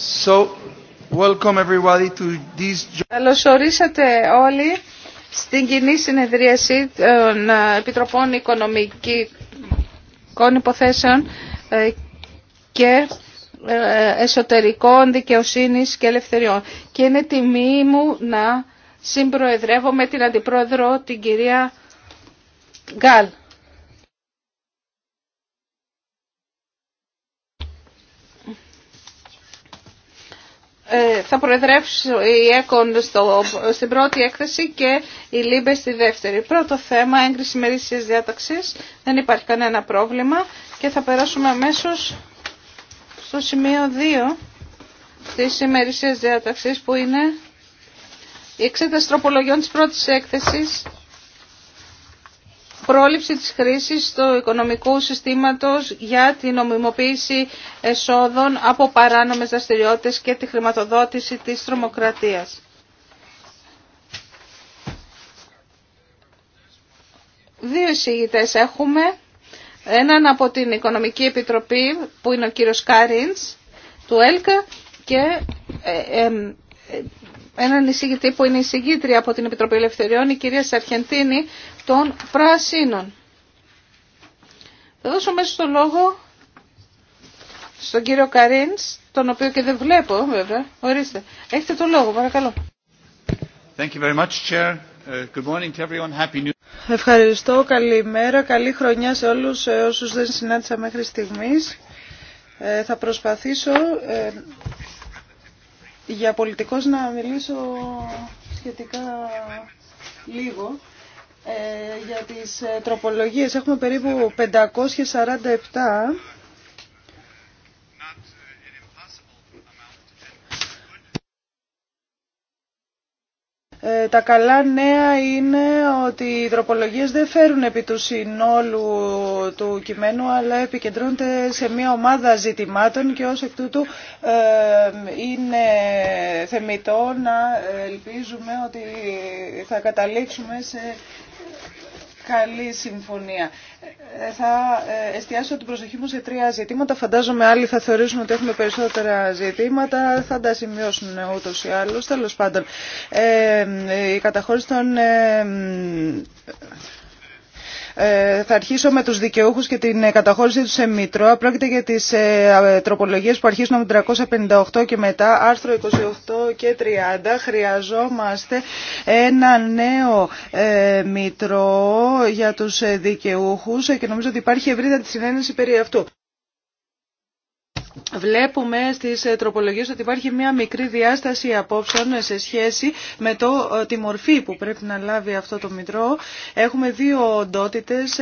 So, welcome Καλώς ορίσατε όλοι στην κοινή συνεδρίαση των ε, Επιτροπών Οικονομικών Υποθέσεων ε, και ε, Εσωτερικών Δικαιοσύνης και Ελευθεριών. Και είναι τιμή μου να συμπροεδρεύω με την Αντιπρόεδρο την κυρία Γκάλ. Ε, θα προεδρεύσει η ΕΚΟΝ στο, στην πρώτη έκθεση και η ΛΥΜΠΕ στη δεύτερη. Πρώτο θέμα, έγκριση μερίσιας διάταξης. Δεν υπάρχει κανένα πρόβλημα και θα περάσουμε αμέσως στο σημείο 2 της ημερησίας διάταξης που είναι η εξέταση τροπολογιών της πρώτης έκθεσης πρόληψη της χρήσης του οικονομικού συστήματος για την νομιμοποίηση εσόδων από παράνομες δραστηριότητες και τη χρηματοδότηση της τρομοκρατίας. Δύο εισηγητές έχουμε. Έναν από την Οικονομική Επιτροπή που είναι ο κύριος Κάριντς του ΕΛΚΑ και ε, ε, έναν εισηγητή που είναι εισηγήτρια από την Επιτροπή Ελευθεριών, η κυρία Σαρχεντίνη των Πρασίνων. Θα δώσω μέσα στο λόγο στον κύριο Καρίνς, τον οποίο και δεν βλέπω βέβαια. Ορίστε. Έχετε το λόγο, παρακαλώ. Thank you very much, Chair. Uh, good morning to everyone. Happy New Ευχαριστώ. Καλημέρα. Καλή χρονιά σε όλους όσους δεν συνάντησα μέχρι στιγμής. Ε, θα προσπαθήσω ε, για πολιτικός να μιλήσω σχετικά λίγο. Ε, για τις ε, τροπολογίες έχουμε περίπου 547 Ε, τα καλά νέα είναι ότι οι τροπολογίες δεν φέρουν επί του συνόλου του κειμένου αλλά επικεντρώνονται σε μια ομάδα ζητημάτων και ως εκ τούτου ε, είναι θεμητό να ελπίζουμε ότι θα καταλήξουμε σε καλή συμφωνία. Ε, ε, θα ε, εστιάσω την προσοχή μου σε τρία ζητήματα. Φαντάζομαι άλλοι θα θεωρήσουν ότι έχουμε περισσότερα ζητήματα. Θα τα σημειώσουν ούτως ή ούτω η άλλω. τελος παντων η καταχωρηση των ε, θα αρχίσω με τους δικαιούχους και την ε, καταχώρηση του σε μητρό. Πρόκειται για τις ε, τροπολογίες που αρχίζουν από 358 και μετά, άρθρο 28 και 30. Χρειαζόμαστε ένα νέο μητρό για τους δικαιούχους και νομίζω ότι υπάρχει ευρύτατη συνένεση περί αυτού. Βλέπουμε στις ε, τροπολογίες ότι υπάρχει μια μικρή διάσταση απόψεων ε, σε σχέση με το, ε, τη μορφή που πρέπει να λάβει αυτό το Μητρό. Έχουμε δύο οντότητες,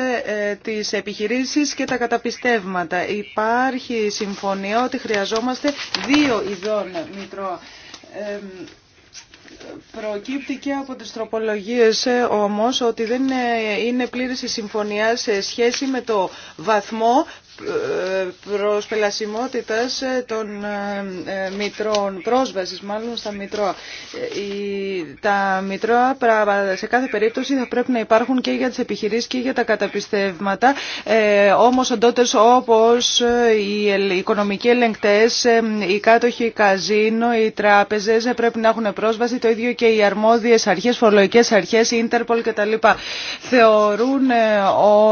τις επιχειρήσεις και τα καταπιστεύματα. Υπάρχει συμφωνία ότι χρειαζόμαστε δύο ειδών Μητρό. Προκύπτει και από τις τροπολογίες όμως ότι δεν είναι πλήρης η συμφωνία σε σχέση με το βαθμό προσπελασιμότητας ε, των ε, ε, μητρών, πρόσβασης μάλλον στα μητρώα. Τα μητρώα σε κάθε περίπτωση θα πρέπει να υπάρχουν και για τις επιχειρήσεις και για τα καταπιστεύματα, όμως οντότητες όπως οι οικονομικοί ελεγκτές, οι κάτοχοι καζίνο, οι τράπεζες πρέπει να έχουν πρόσβαση, το ίδιο και οι αρμόδιες αρχές, φορολογικές αρχές, η κτλ. Θεωρούν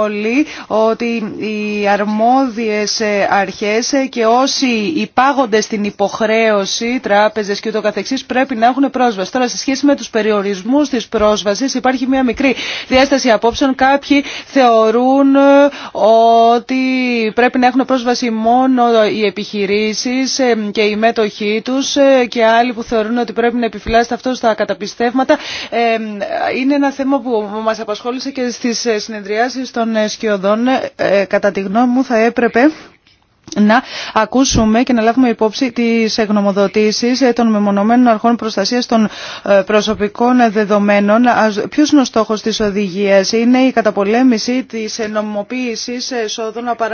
όλοι ότι οι αρμόδιες αρμόδιες ε, αρχές ε, και όσοι υπάγονται στην υποχρέωση, τράπεζες και ούτω καθεξής, πρέπει να έχουν πρόσβαση. Τώρα, σε σχέση με τους περιορισμούς της πρόσβασης, υπάρχει μια μικρή διάσταση απόψεων. Κάποιοι θεωρούν ε, ότι πρέπει να έχουν πρόσβαση μόνο οι επιχειρήσεις και οι μέτοχοί τους και άλλοι που θεωρούν ότι πρέπει να επιφυλάσσεται αυτό στα καταπιστεύματα. Είναι ένα θέμα που μας απασχόλησε και στις συνεδριάσεις των σκιωδών. Κατά τη γνώμη μου θα έπρεπε να ακούσουμε και να λάβουμε υπόψη τις εγγνωμοδοτήσει των μεμονωμένων αρχών προστασίας των ε, προσωπικών δεδομένων. Ποιος είναι ο στόχος της οδηγίας. Είναι η καταπολέμηση της νομοποίησης εσόδων από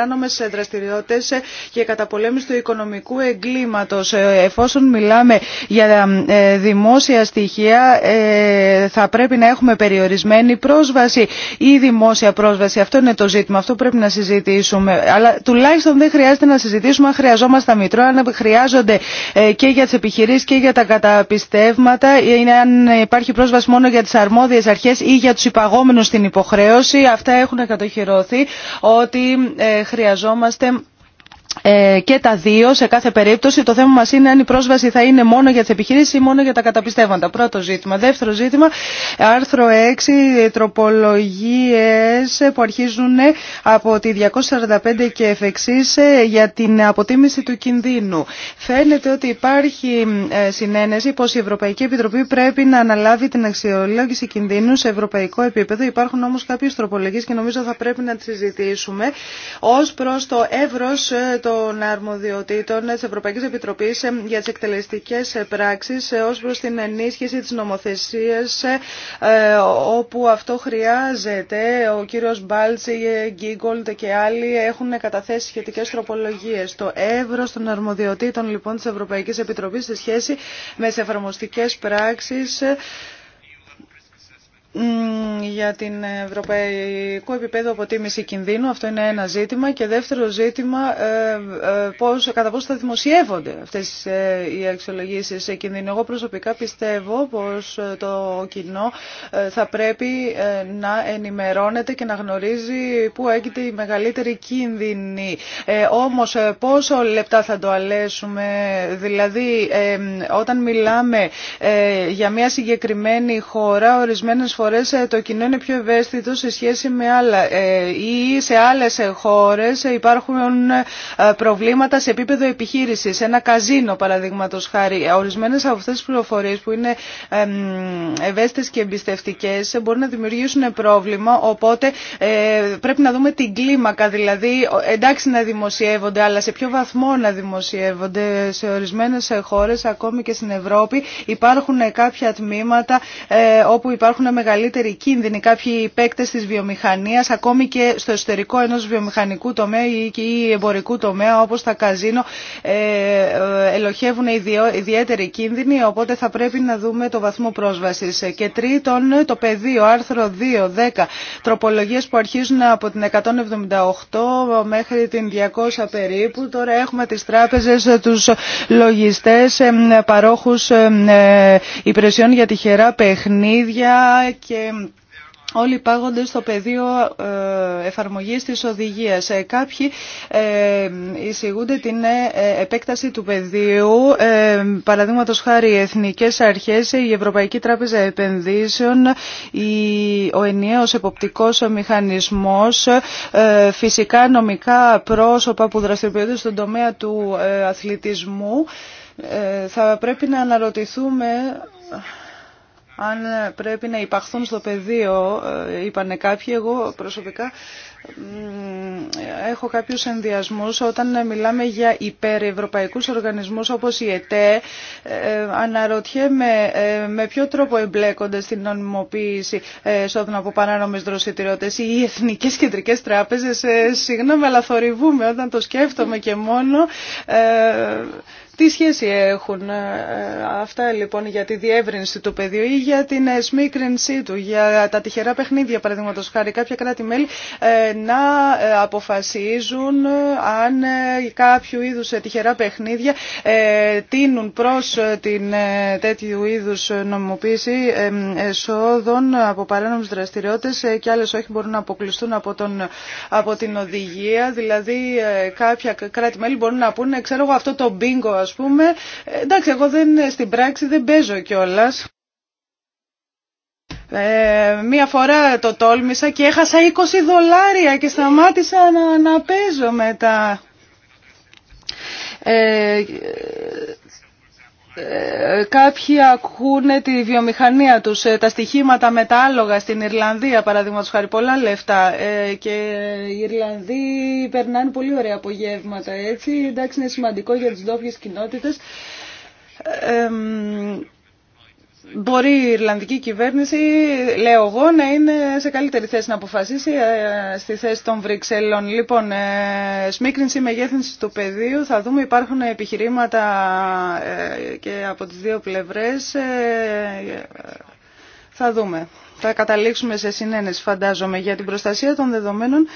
δραστηριότητες και η καταπολέμηση του οικονομικού εγκλήματος. Ε, εφόσον μιλάμε για ε, δημόσια στοιχεία θα πρέπει να έχουμε περιορισμένη πρόσβαση ή δημόσια πρόσβαση. Αυτό είναι το ζήτημα. Αυτό πρέπει να συζητήσουμε. Αλλά τουλάχιστον δεν χρειάζεται χρειάζεται να συζητήσουμε αν χρειαζόμαστε μητρό, αν χρειάζονται ε, και για τι επιχειρήσει και για τα καταπιστεύματα, ε, είναι αν υπάρχει πρόσβαση μόνο για τι αρμόδιε αρχέ ή για του υπαγόμενου στην υποχρέωση. Αυτά έχουν κατοχυρωθεί ότι ε, χρειαζόμαστε ε, και τα δύο σε κάθε περίπτωση. Το θέμα μας είναι αν η πρόσβαση θα είναι μόνο για τι επιχειρήσει ή μόνο για τα καταπιστεύματα. Πρώτο ζήτημα. Δεύτερο ζήτημα, άρθρο 6, ε, τροπολογίες ε, που αρχίζουν από τη 245 και εφ' για την αποτίμηση του κινδύνου. Φαίνεται ότι υπάρχει συνένεση πω η Ευρωπαϊκή Επιτροπή πρέπει να αναλάβει την αξιολόγηση κινδύνου σε ευρωπαϊκό επίπεδο. Υπάρχουν όμω κάποιε τροπολογίε και νομίζω θα πρέπει να τι συζητήσουμε ω προ το των αρμοδιοτήτων της Ευρωπαϊκής Επιτροπής ε, για τις εκτελεστικές ε, πράξεις ε, ως προς την ενίσχυση της νομοθεσίας όπου αυτό χρειάζεται. Ο κύριος Μπάλτσι, Γκίγκολτ και άλλοι έχουν καταθέσει σχετικές τροπολογίες. Το εύρος των αρμοδιοτήτων λοιπόν της Ευρωπαϊκής Επιτροπής σε σχέση με τις εφαρμοστικές πράξεις για την ευρωπαϊκό επίπεδο αποτίμηση κινδύνου. Αυτό είναι ένα ζήτημα. Και δεύτερο ζήτημα, ε, ε, πώς, κατά πόσο θα δημοσιεύονται αυτές ε, οι αξιολογήσεις κινδύνου. Εγώ προσωπικά πιστεύω πως το κοινό θα πρέπει να ενημερώνεται και να γνωρίζει πού έγινε η μεγαλύτερη κίνδυνη. Όμως πόσο λεπτά θα το αλέσουμε, δηλαδή όταν μιλάμε για μια συγκεκριμένη χώρα, ορισμένες φορές ε, το κοινό είναι πιο ευαίσθητο σε σχέση με άλλα ε, ή σε άλλες ε, χώρες υπάρχουν προβλήματα σε επίπεδο επιχείρησης. Ένα καζίνο παραδείγματο χάρη. Ορισμένες από αυτές τις πληροφορίες που είναι ευαίσθητες και εμπιστευτικέ, μπορούν να δημιουργήσουν πρόβλημα οπότε πρέπει να δούμε την κλίμακα δηλαδή εντάξει να δημοσιεύονται αλλά σε ποιο βαθμό να δημοσιεύονται σε ορισμένες χώρες ακόμη και στην Ευρώπη υπάρχουν κάποια τμήματα όπου υπάρχουν μεγαλύτερες μεγαλύτεροι κίνδυνοι κάποιοι παίκτε τη βιομηχανία, ακόμη και στο εσωτερικό ενό βιομηχανικού τομέα ή εμπορικού τομέα όπω τα καζίνο ε, ε, ελοχεύουν ιδιαίτερη κίνδυνοι οπότε θα πρέπει να δούμε το βαθμό πρόσβαση. Και τρίτον το πεδίο άρθρο 2, 10 τροπολογίε που αρχίζουν από την 178 μέχρι την 200 περίπου. Τώρα έχουμε τι τράπεζε του λογιστέ παρόχου ε, υπηρεσιών για τυχερά παιχνίδια και Όλοι πάγονται στο πεδίο ε, εφαρμογής της οδηγίας. Ε, κάποιοι ε, εισηγούνται την επέκταση του πεδίου, παραδείγματο χάρη οι εθνικές αρχές, η Ευρωπαϊκή Τράπεζα Επενδύσεων, ο ενιαίος εποπτικός μηχανισμός, φυσικά νομικά πρόσωπα που δραστηριοποιούνται στον τομέα του αθλητισμού. Θα πρέπει να αναρωτηθούμε αν πρέπει να υπαχθούν στο πεδίο, ε, είπανε κάποιοι, εγώ προσωπικά έχω κάποιους ενδιασμούς όταν μιλάμε για υπερευρωπαϊκούς οργανισμούς όπως η ΕΤΕ ε, αναρωτιέμαι ε, με ποιο τρόπο εμπλέκονται στην νομιμοποίηση σώδων από παράνομες δροσιτηριότητες ή οι εθνικές κεντρικές τράπεζες συγγνώμη αλλά θορυβούμε όταν το σκέφτομαι και μόνο τι σχέση έχουν ε, αυτά λοιπόν για τη διεύρυνση του πεδίου ή για την σμίκρινσή του, για τα τυχερά παιχνίδια παραδείγματος χάρη κάποια κράτη-μέλη ε, να ε, αποφασίζουν αν κάποιο είδους τυχερά παιχνίδια τίνουν προς την τέτοιου είδους νομιμοποίηση εσόδων από παράνομες δραστηριότητες και άλλες όχι μπορούν να αποκλειστούν από, τον, από την οδηγία, δηλαδή κάποια κράτη-μέλη μπορούν να πούνε ξέρω εγώ αυτό το μπίνγκο ας πούμε. Ε, εντάξει, εγώ δεν, στην πράξη δεν παίζω κιόλα. Ε, μία φορά το τόλμησα και έχασα 20 δολάρια και σταμάτησα να, να παίζω μετά. Ε, ε, κάποιοι ακούνε τη βιομηχανία τους, ε, τα στοιχήματα με τα στην Ιρλανδία παραδείγματο χάρη, πολλά λεφτά ε, και οι Ιρλανδοί περνάνε πολύ ωραία απογεύματα έτσι, εντάξει είναι σημαντικό για τις ντόπιες κοινότητες. Μπορεί η Ιρλανδική κυβέρνηση, λέω εγώ, να είναι σε καλύτερη θέση να αποφασίσει ε, στη θέση των Βρυξέλλων. Λοιπόν, ε, σμίκρινση μεγέθυνση του πεδίου, θα δούμε υπάρχουν επιχειρήματα ε, και από τις δύο πλευρές. Θα δούμε. Θα καταλήξουμε σε συνένεση φαντάζομαι για την προστασία των δεδομένων.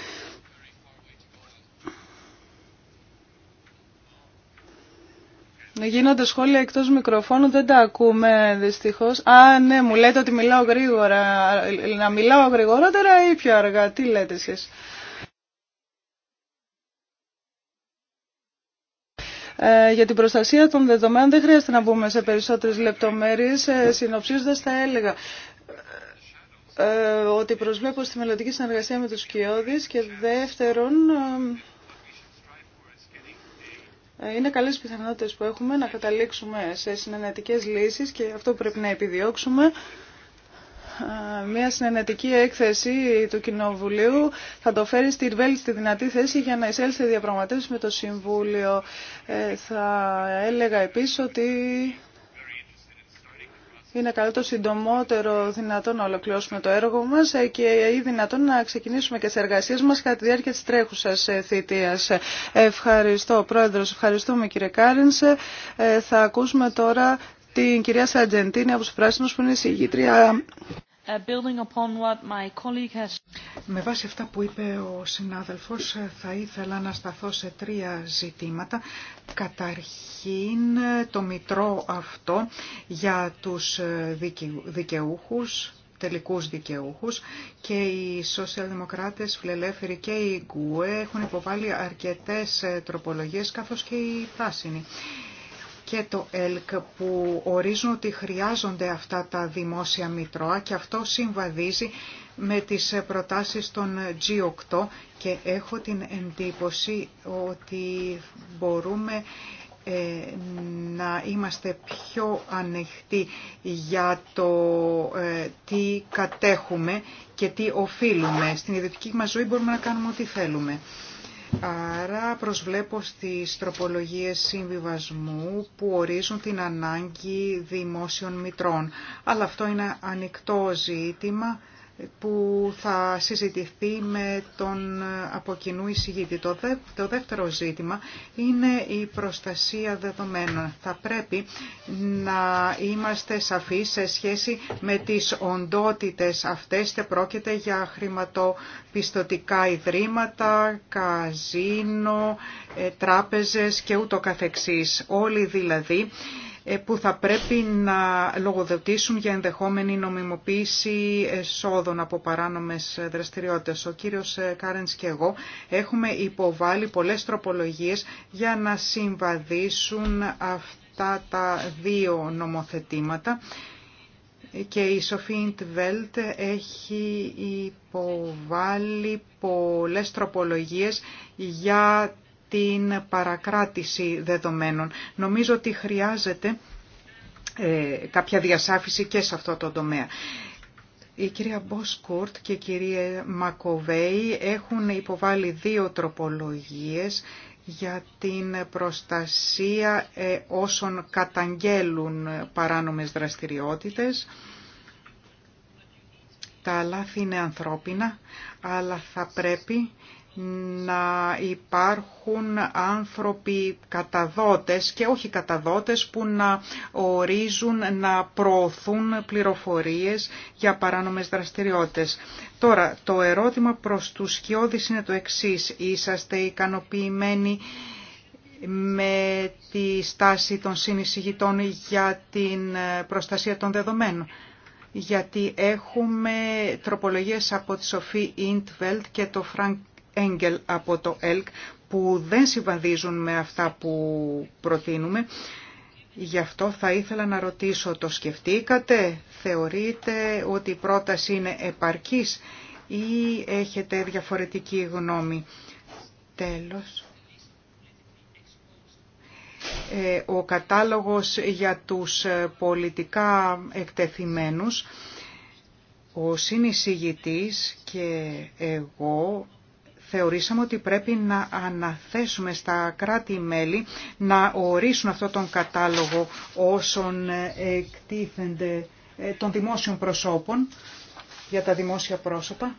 Γίνονται σχόλια εκτός μικροφώνου, δεν τα ακούμε δυστυχώς. Α, ναι, μου λέτε ότι μιλάω γρήγορα. Να μιλάω γρηγορότερα ή πιο αργά. Τι λέτε εσείς. Ε, για την προστασία των δεδομένων δεν χρειάζεται να μπούμε σε περισσότερες λεπτομέρειες. Ε, συνοψίζοντας θα έλεγα ε, ότι προσβλέπω στη μελλοντική συνεργασία με τους Κιώδης και δεύτερον ε, είναι καλές πιθανότητες που έχουμε να καταλήξουμε σε συνενετικές λύσεις και αυτό πρέπει να επιδιώξουμε. Ε, μια συνενετική έκθεση του Κοινοβουλίου θα το φέρει στη δυνατή θέση για να εισέλθει διαπραγματεύσει με το Συμβούλιο. Ε, θα έλεγα επίσης ότι είναι καλό το συντομότερο δυνατόν να ολοκληρώσουμε το έργο μας ε, και ή δυνατόν να ξεκινήσουμε και τις εργασίες μας κατά τη διάρκεια της τρέχουσας ε, θητείας. Ευχαριστώ πρόεδρο, ευχαριστούμε κύριε Κάρινσε. Θα ακούσουμε τώρα την κυρία Σατζεντίνη από του πράσινου που είναι η συγγήτρια Uh, Με βάση αυτά που είπε ο συνάδελφος ε, θα ήθελα να σταθώ σε τρία ζητήματα. Καταρχήν ε, το μητρό αυτό για τους ε, δικαιούχους, τελικούς δικαιούχους και οι σοσιαλδημοκράτες, φλελεύθεροι και οι γκουέ έχουν υποβάλει αρκετές τροπολογίες καθώς και οι πράσινοι και το ΕΛΚ που ορίζουν ότι χρειάζονται αυτά τα δημόσια μητρώα και αυτό συμβαδίζει με τις προτάσεις των G8 και έχω την εντύπωση ότι μπορούμε ε, να είμαστε πιο ανοιχτοί για το ε, τι κατέχουμε και τι οφείλουμε. Στην ιδιωτική μας ζωή μπορούμε να κάνουμε ό,τι θέλουμε. Άρα προσβλέπω στις τροπολογίες συμβιβασμού που ορίζουν την ανάγκη δημόσιων μητρών. Αλλά αυτό είναι ανοιχτό ζήτημα που θα συζητηθεί με τον αποκοινού εισηγήτη. Το, το δεύτερο ζήτημα είναι η προστασία δεδομένων. Θα πρέπει να είμαστε σαφείς σε σχέση με τις οντότητες αυτές και πρόκειται για χρηματοπιστωτικά ιδρύματα, καζίνο, ε, τράπεζες και ούτω καθεξής. Όλοι δηλαδή ε, που θα πρέπει να λογοδοτήσουν για ενδεχόμενη νομιμοποίηση εσόδων από παράνομες δραστηριότητες. Ο κύριος ε, Κάρενς και εγώ έχουμε υποβάλει πολλές τροπολογίες για να συμβαδίσουν αυτά τα δύο νομοθετήματα και η Σοφή Ιντβέλτ έχει υποβάλει πολλές τροπολογίες για την παρακράτηση δεδομένων. Νομίζω ότι χρειάζεται ε, κάποια διασάφηση και σε αυτό το τομέα. Η κυρία Μποσκουρτ και η κυρία Μακοβέη έχουν υποβάλει δύο τροπολογίες για την προστασία ε, όσων καταγγέλουν παράνομες δραστηριότητες. Τα λάθη είναι ανθρώπινα, αλλά θα πρέπει να υπάρχουν άνθρωποι καταδότες και όχι καταδότες που να ορίζουν, να προωθούν πληροφορίες για παράνομες δραστηριότητες. Τώρα, το ερώτημα προς τους σκιώδεις είναι το εξής. Είσαστε ικανοποιημένοι με τη στάση των συνεισηγητών για την προστασία των δεδομένων γιατί έχουμε τροπολογίες από τη Σοφή Ιντβελτ και το Φρανκ Έγκελ από το ΕΛΚ που δεν συμβαδίζουν με αυτά που προτείνουμε. Γι' αυτό θα ήθελα να ρωτήσω, το σκεφτήκατε, θεωρείτε ότι η πρόταση είναι επαρκής ή έχετε διαφορετική γνώμη. Τέλος. Ε, ο κατάλογος για τους ε, πολιτικά εκτεθειμένους, ο συνεισηγητής και εγώ θεωρήσαμε ότι πρέπει να αναθέσουμε στα κράτη-μέλη να ορίσουν αυτό τον κατάλογο όσων εκτίθενται ε, των δημόσιων προσώπων για τα δημόσια πρόσωπα.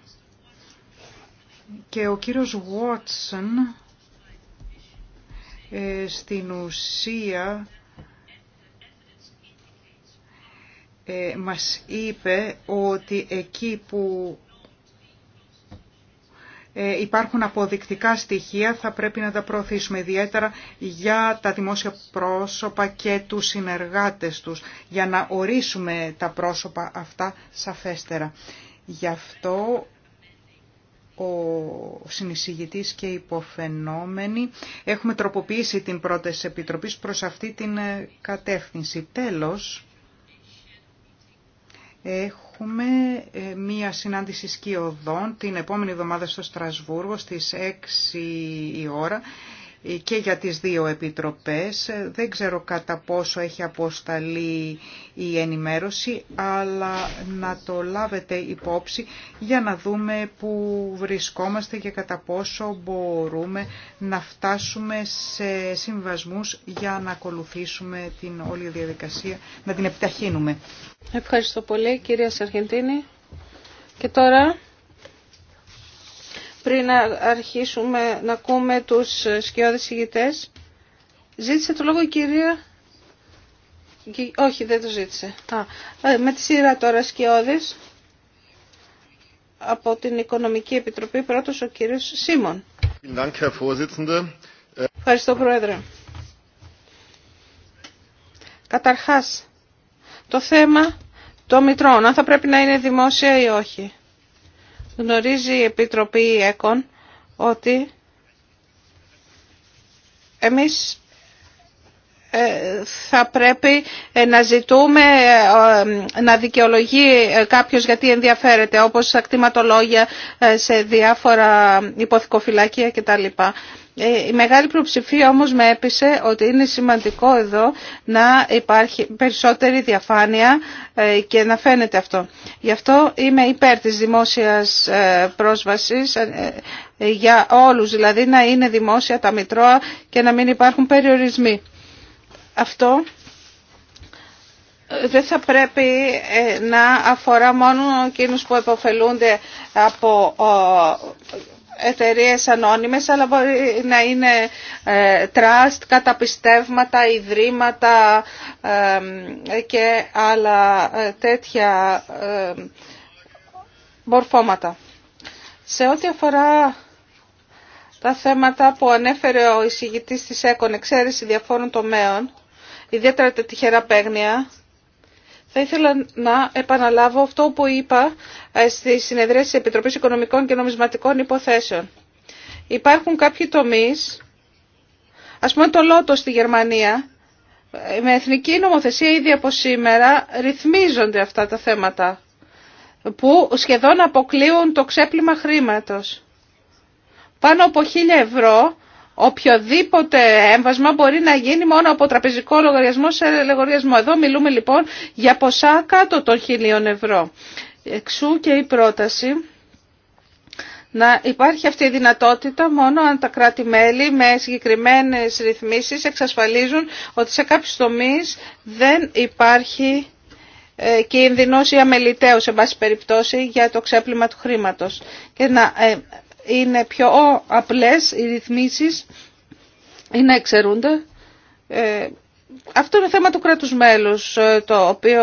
Και ο κύριος Βότσον ε, στην ουσία ε, μας είπε ότι εκεί που ε, υπάρχουν αποδεικτικά στοιχεία, θα πρέπει να τα προωθήσουμε ιδιαίτερα για τα δημόσια πρόσωπα και τους συνεργάτες τους, για να ορίσουμε τα πρόσωπα αυτά σαφέστερα. Γι' αυτό ο συνεισηγητής και υποφαινόμενοι έχουμε τροποποιήσει την πρόταση Επιτροπής προς αυτή την ε, κατεύθυνση. Τέλος, Έχουμε ε, μία συνάντηση σκιωδών την επόμενη εβδομάδα στο Στρασβούργο στις 6 η ώρα και για τις δύο επιτροπές. Δεν ξέρω κατά πόσο έχει αποσταλεί η ενημέρωση, αλλά να το λάβετε υπόψη για να δούμε που βρισκόμαστε και κατά πόσο μπορούμε να φτάσουμε σε συμβασμούς για να ακολουθήσουμε την όλη διαδικασία, να την επιταχύνουμε. Ευχαριστώ πολύ κυρία Σαρχεντίνη. Και τώρα πριν αρχίσουμε να ακούμε τους σκιώδες ηγητές. Ζήτησε το λόγο η κυρία... Όχι, δεν το ζήτησε. Ε, με τη σειρά τώρα σκιώδης από την Οικονομική Επιτροπή, πρώτος ο κύριος Σίμων. Ευχαριστώ, Πρόεδρε. Καταρχάς, το θέμα των μητρών, αν θα πρέπει να είναι δημόσια ή όχι. Γνωρίζει η Επιτροπή ΕΚΟΝ ότι εμείς ε, θα πρέπει ε, να ζητούμε ε, να δικαιολογεί κάποιος γιατί ενδιαφέρεται, όπως ακτιματολόγια σε διάφορα υποθυκοφυλάκια κτλ. Ε, η μεγάλη πλειοψηφία όμως με έπεισε ότι είναι σημαντικό εδώ να υπάρχει περισσότερη διαφάνεια ε, και να φαίνεται αυτό. Γι' αυτό είμαι υπέρ της δημόσιας ε, πρόσβασης για όλους, δηλαδή να είναι δημόσια τα μητρώα και να μην υπάρχουν περιορισμοί. Αυτό δεν θα πρέπει να αφορά μόνο εκείνους που επωφελούνται από εταιρείες ανώνυμες, αλλά μπορεί να είναι τραστ, ε, καταπιστεύματα, ιδρύματα και άλλα ε, τέτοια μορφώματα. Σε ό,τι αφορά τα θέματα που ανέφερε ο εισηγητής της ΕΚΟΝ, εξαίρεση διαφόρων τομέων, ιδιαίτερα τα τυχερά παίγνια, θα ήθελα να επαναλάβω αυτό που είπα ε, στη συνεδρία της Επιτροπής Οικονομικών και Νομισματικών Υποθέσεων. Υπάρχουν κάποιοι τομείς, ας πούμε το λότο στη Γερμανία, ε, με εθνική νομοθεσία ήδη από σήμερα ρυθμίζονται αυτά τα θέματα που σχεδόν αποκλείουν το ξέπλυμα χρήματος. Πάνω από 1000 ευρώ Οποιοδήποτε έμβασμα μπορεί να γίνει μόνο από τραπεζικό λογαριασμό σε λογαριασμό. Εδώ μιλούμε λοιπόν για ποσά κάτω των χιλίων ευρώ. Εξού και η πρόταση να υπάρχει αυτή η δυνατότητα μόνο αν τα κράτη-μέλη με συγκεκριμένες ρυθμίσεις εξασφαλίζουν ότι σε κάποιους τομείς δεν υπάρχει ε, κίνδυνος ή αμεληταίος, σε βάση περιπτώσει, για το ξέπλυμα του χρήματος. Και να ε, είναι πιο απλές οι ρυθμίσεις ή να εξαιρούνται. Ε, αυτό είναι θέμα του κράτους μέλους ε, το οποίο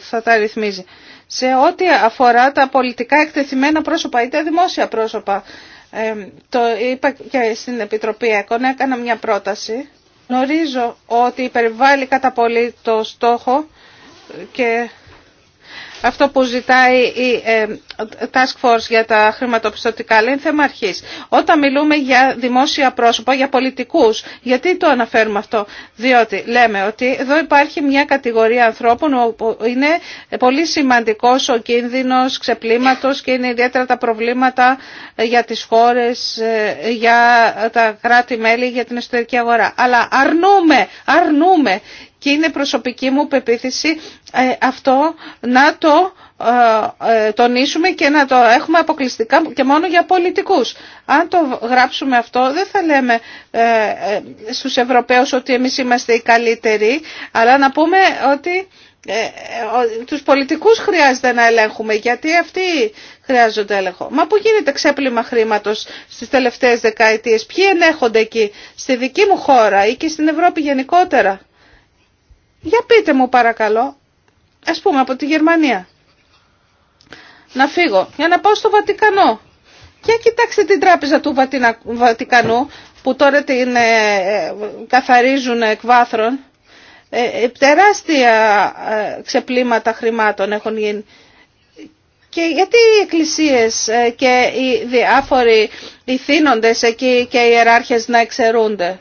θα τα ρυθμίζει. Σε ό,τι αφορά τα πολιτικά εκτεθειμένα πρόσωπα ή τα δημόσια πρόσωπα, ε, το είπα και στην Επιτροπή ΕΚΟΝ, έκανα μια πρόταση. Γνωρίζω ότι υπερβάλλει κατά πολύ το στόχο και αυτό που ζητάει η task force για τα χρηματοπιστωτικά, λέει είναι θέμα αρχής. Όταν μιλούμε για δημόσια πρόσωπα, για πολιτικούς, γιατί το αναφέρουμε αυτό. Διότι λέμε ότι εδώ υπάρχει μια κατηγορία ανθρώπων που είναι πολύ σημαντικός ο κίνδυνος ξεπλήματος και είναι ιδιαίτερα τα προβλήματα ε, για τις χώρες, ε, για τα κράτη-μέλη, για την εσωτερική αγορά. Αλλά αρνούμε, αρνούμε και είναι προσωπική μου πεποίθηση ε, αυτό να το ε, ε, τονίσουμε και να το έχουμε αποκλειστικά και μόνο για πολιτικούς. Αν το γράψουμε αυτό δεν θα λέμε ε, στους Ευρωπαίους ότι εμείς είμαστε οι καλύτεροι, αλλά να πούμε ότι τους πολιτικούς χρειάζεται να ελέγχουμε γιατί αυτοί χρειάζονται έλεγχο. Μα που γίνεται ξέπλυμα χρήματος στις τελευταίες δεκαετίες, ποιοι ενέχονται εκεί, στη δική μου χώρα ή και στην Ευρώπη γενικότερα. Για πείτε μου παρακαλώ, ας πούμε από τη Γερμανία να φύγω για να πάω στο Βατικανό. Και κοιτάξτε την τράπεζα του Βατικανού που τώρα την ε, ε, καθαρίζουν εκ βάθρων. Ε, τεράστια ξεπλήματα χρημάτων έχουν γίνει. Και γιατί οι εκκλησίες και οι διάφοροι ηθήνοντες εκεί και οι ιεράρχες να εξαιρούνται.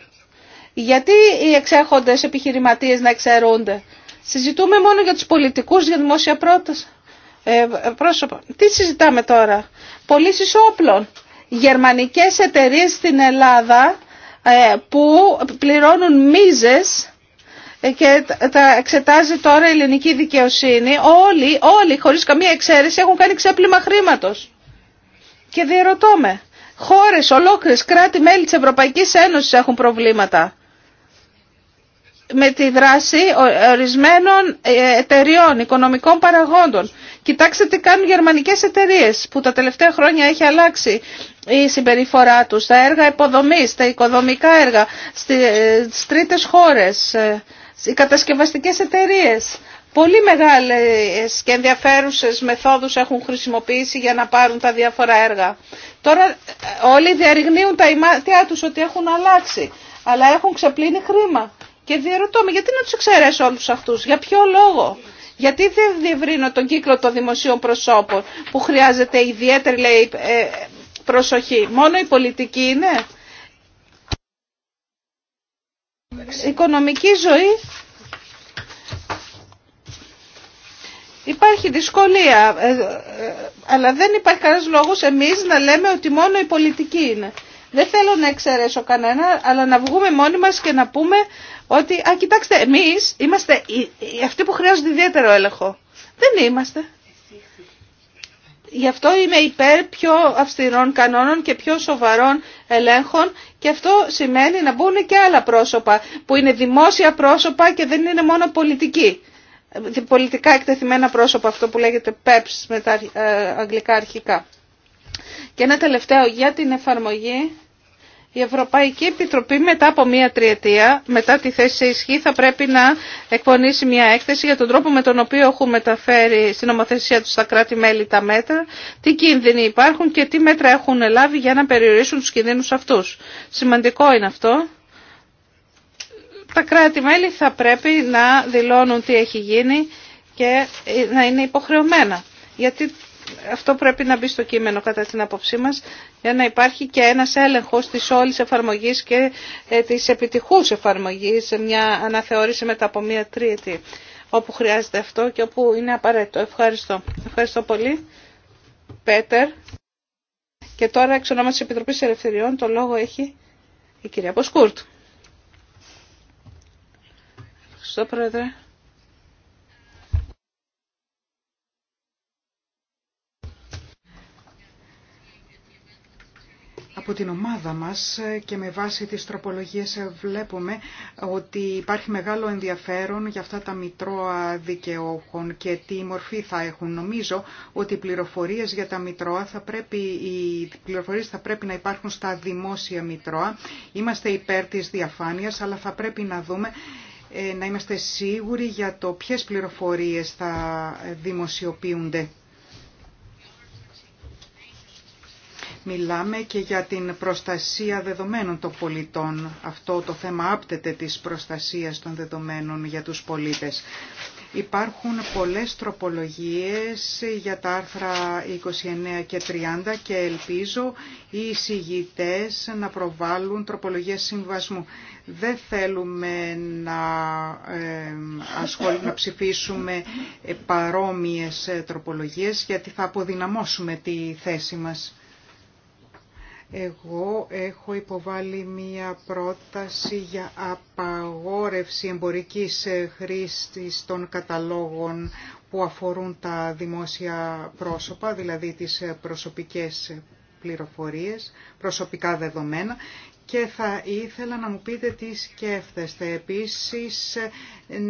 Γιατί οι εξέχοντες επιχειρηματίες να εξαιρούνται. Συζητούμε μόνο για τους πολιτικούς, για δημόσια πρόταση. Ε, πρόσωπο. Τι συζητάμε τώρα. Πωλήσει όπλων. Γερμανικές εταιρείες στην Ελλάδα ε, που πληρώνουν μίζες ε, και τα εξετάζει τώρα η ελληνική δικαιοσύνη. Όλοι, όλοι, χωρίς καμία εξαίρεση, έχουν κάνει ξέπλυμα χρήματος. Και διερωτωμε με. Χώρες, ολόκληρες, κράτη-μέλη της Ευρωπαϊκής Ένωσης έχουν προβλήματα με τη δράση ορισμένων εταιριών, οικονομικών παραγόντων. Κοιτάξτε τι κάνουν γερμανικές εταιρείες που τα τελευταία χρόνια έχει αλλάξει η συμπεριφορά τους στα έργα υποδομής, στα οικοδομικά έργα, ε, στις τρίτες χώρες, ε, οι κατασκευαστικές εταιρείες. Πολύ μεγάλες και ενδιαφέρουσες μεθόδους έχουν χρησιμοποιήσει για να πάρουν τα διάφορα έργα. Τώρα ε, όλοι διαρριγνύουν τα ημάτια τους ότι έχουν αλλάξει, αλλά έχουν ξεπλύνει χρήμα. Και διαρωτώ με γιατί να τους εξαιρέσω όλους αυτούς, για ποιο λόγο. Γιατί δεν διευρύνω τον κύκλο των δημοσίων προσώπων που χρειάζεται ιδιαίτερη ε, προσοχή. Μόνο η πολιτική είναι. Οικονομική ζωή υπάρχει δυσκολία, ε, ε, αλλά δεν υπάρχει κανένας λόγος εμείς να λέμε ότι μόνο η πολιτική είναι. Δεν θέλω να εξαιρέσω κανένα, αλλά να βγούμε μόνοι μας και να πούμε ότι, α, κοιτάξτε, εμείς είμαστε αυτοί που χρειάζονται ιδιαίτερο έλεγχο. Δεν είμαστε. Γι' αυτό είμαι υπέρ πιο αυστηρών κανόνων και πιο σοβαρών ελέγχων και αυτό σημαίνει να μπουν και άλλα πρόσωπα που είναι δημόσια πρόσωπα και δεν είναι μόνο πολιτικοί. Πολιτικά εκτεθειμένα πρόσωπα, αυτό που λέγεται PEPS με τα ε, αγγλικά αρχικά. Και ένα τελευταίο για την εφαρμογή η Ευρωπαϊκή Επιτροπή μετά από μία τριετία, μετά τη θέση σε ισχύ, θα πρέπει να εκπονήσει μία έκθεση για τον τρόπο με τον οποίο έχουν μεταφέρει στην νομοθεσία του στα κράτη-μέλη τα μέτρα, τι κίνδυνοι υπάρχουν και τι μέτρα έχουν λάβει για να περιορίσουν τους κινδύνους αυτούς. Σημαντικό είναι αυτό. Τα κράτη-μέλη θα πρέπει να δηλώνουν τι έχει γίνει και να είναι υποχρεωμένα. Γιατί αυτό πρέπει να μπει στο κείμενο κατά την απόψή μας για να υπάρχει και ένας έλεγχος της όλης εφαρμογής και ε, της επιτυχούς εφαρμογής σε μια αναθεώρηση μετά από μια τρίτη όπου χρειάζεται αυτό και όπου είναι απαραίτητο. Ευχαριστώ. Ευχαριστώ πολύ. Πέτερ. Και τώρα εξ ονόμα της Επιτροπής Ελευθεριών το λόγο έχει η κυρία Ποσκούρτ. Ευχαριστώ Πρόεδρε. από την ομάδα μας και με βάση τις τροπολογίες βλέπουμε ότι υπάρχει μεγάλο ενδιαφέρον για αυτά τα μητρώα δικαιώχων και τι μορφή θα έχουν. Νομίζω ότι οι πληροφορίες για τα μητρώα θα πρέπει, οι πληροφορίες θα πρέπει να υπάρχουν στα δημόσια μητρώα. Είμαστε υπέρ της διαφάνειας αλλά θα πρέπει να δούμε ε, να είμαστε σίγουροι για το ποιες πληροφορίες θα δημοσιοποιούνται Μιλάμε και για την προστασία δεδομένων των πολιτών. Αυτό το θέμα άπτεται της προστασίας των δεδομένων για τους πολίτες. Υπάρχουν πολλές τροπολογίες για τα άρθρα 29 και 30 και ελπίζω οι εισηγητές να προβάλλουν τροπολογίες συμβασμού. Δεν θέλουμε να, να ψηφίσουμε παρόμοιες τροπολογίες γιατί θα αποδυναμώσουμε τη θέση μας. Εγώ έχω υποβάλει μία πρόταση για απαγόρευση εμπορικής χρήσης των καταλόγων που αφορούν τα δημόσια πρόσωπα, δηλαδή τις προσωπικές πληροφορίες, προσωπικά δεδομένα και θα ήθελα να μου πείτε τι σκέφτεστε. Επίσης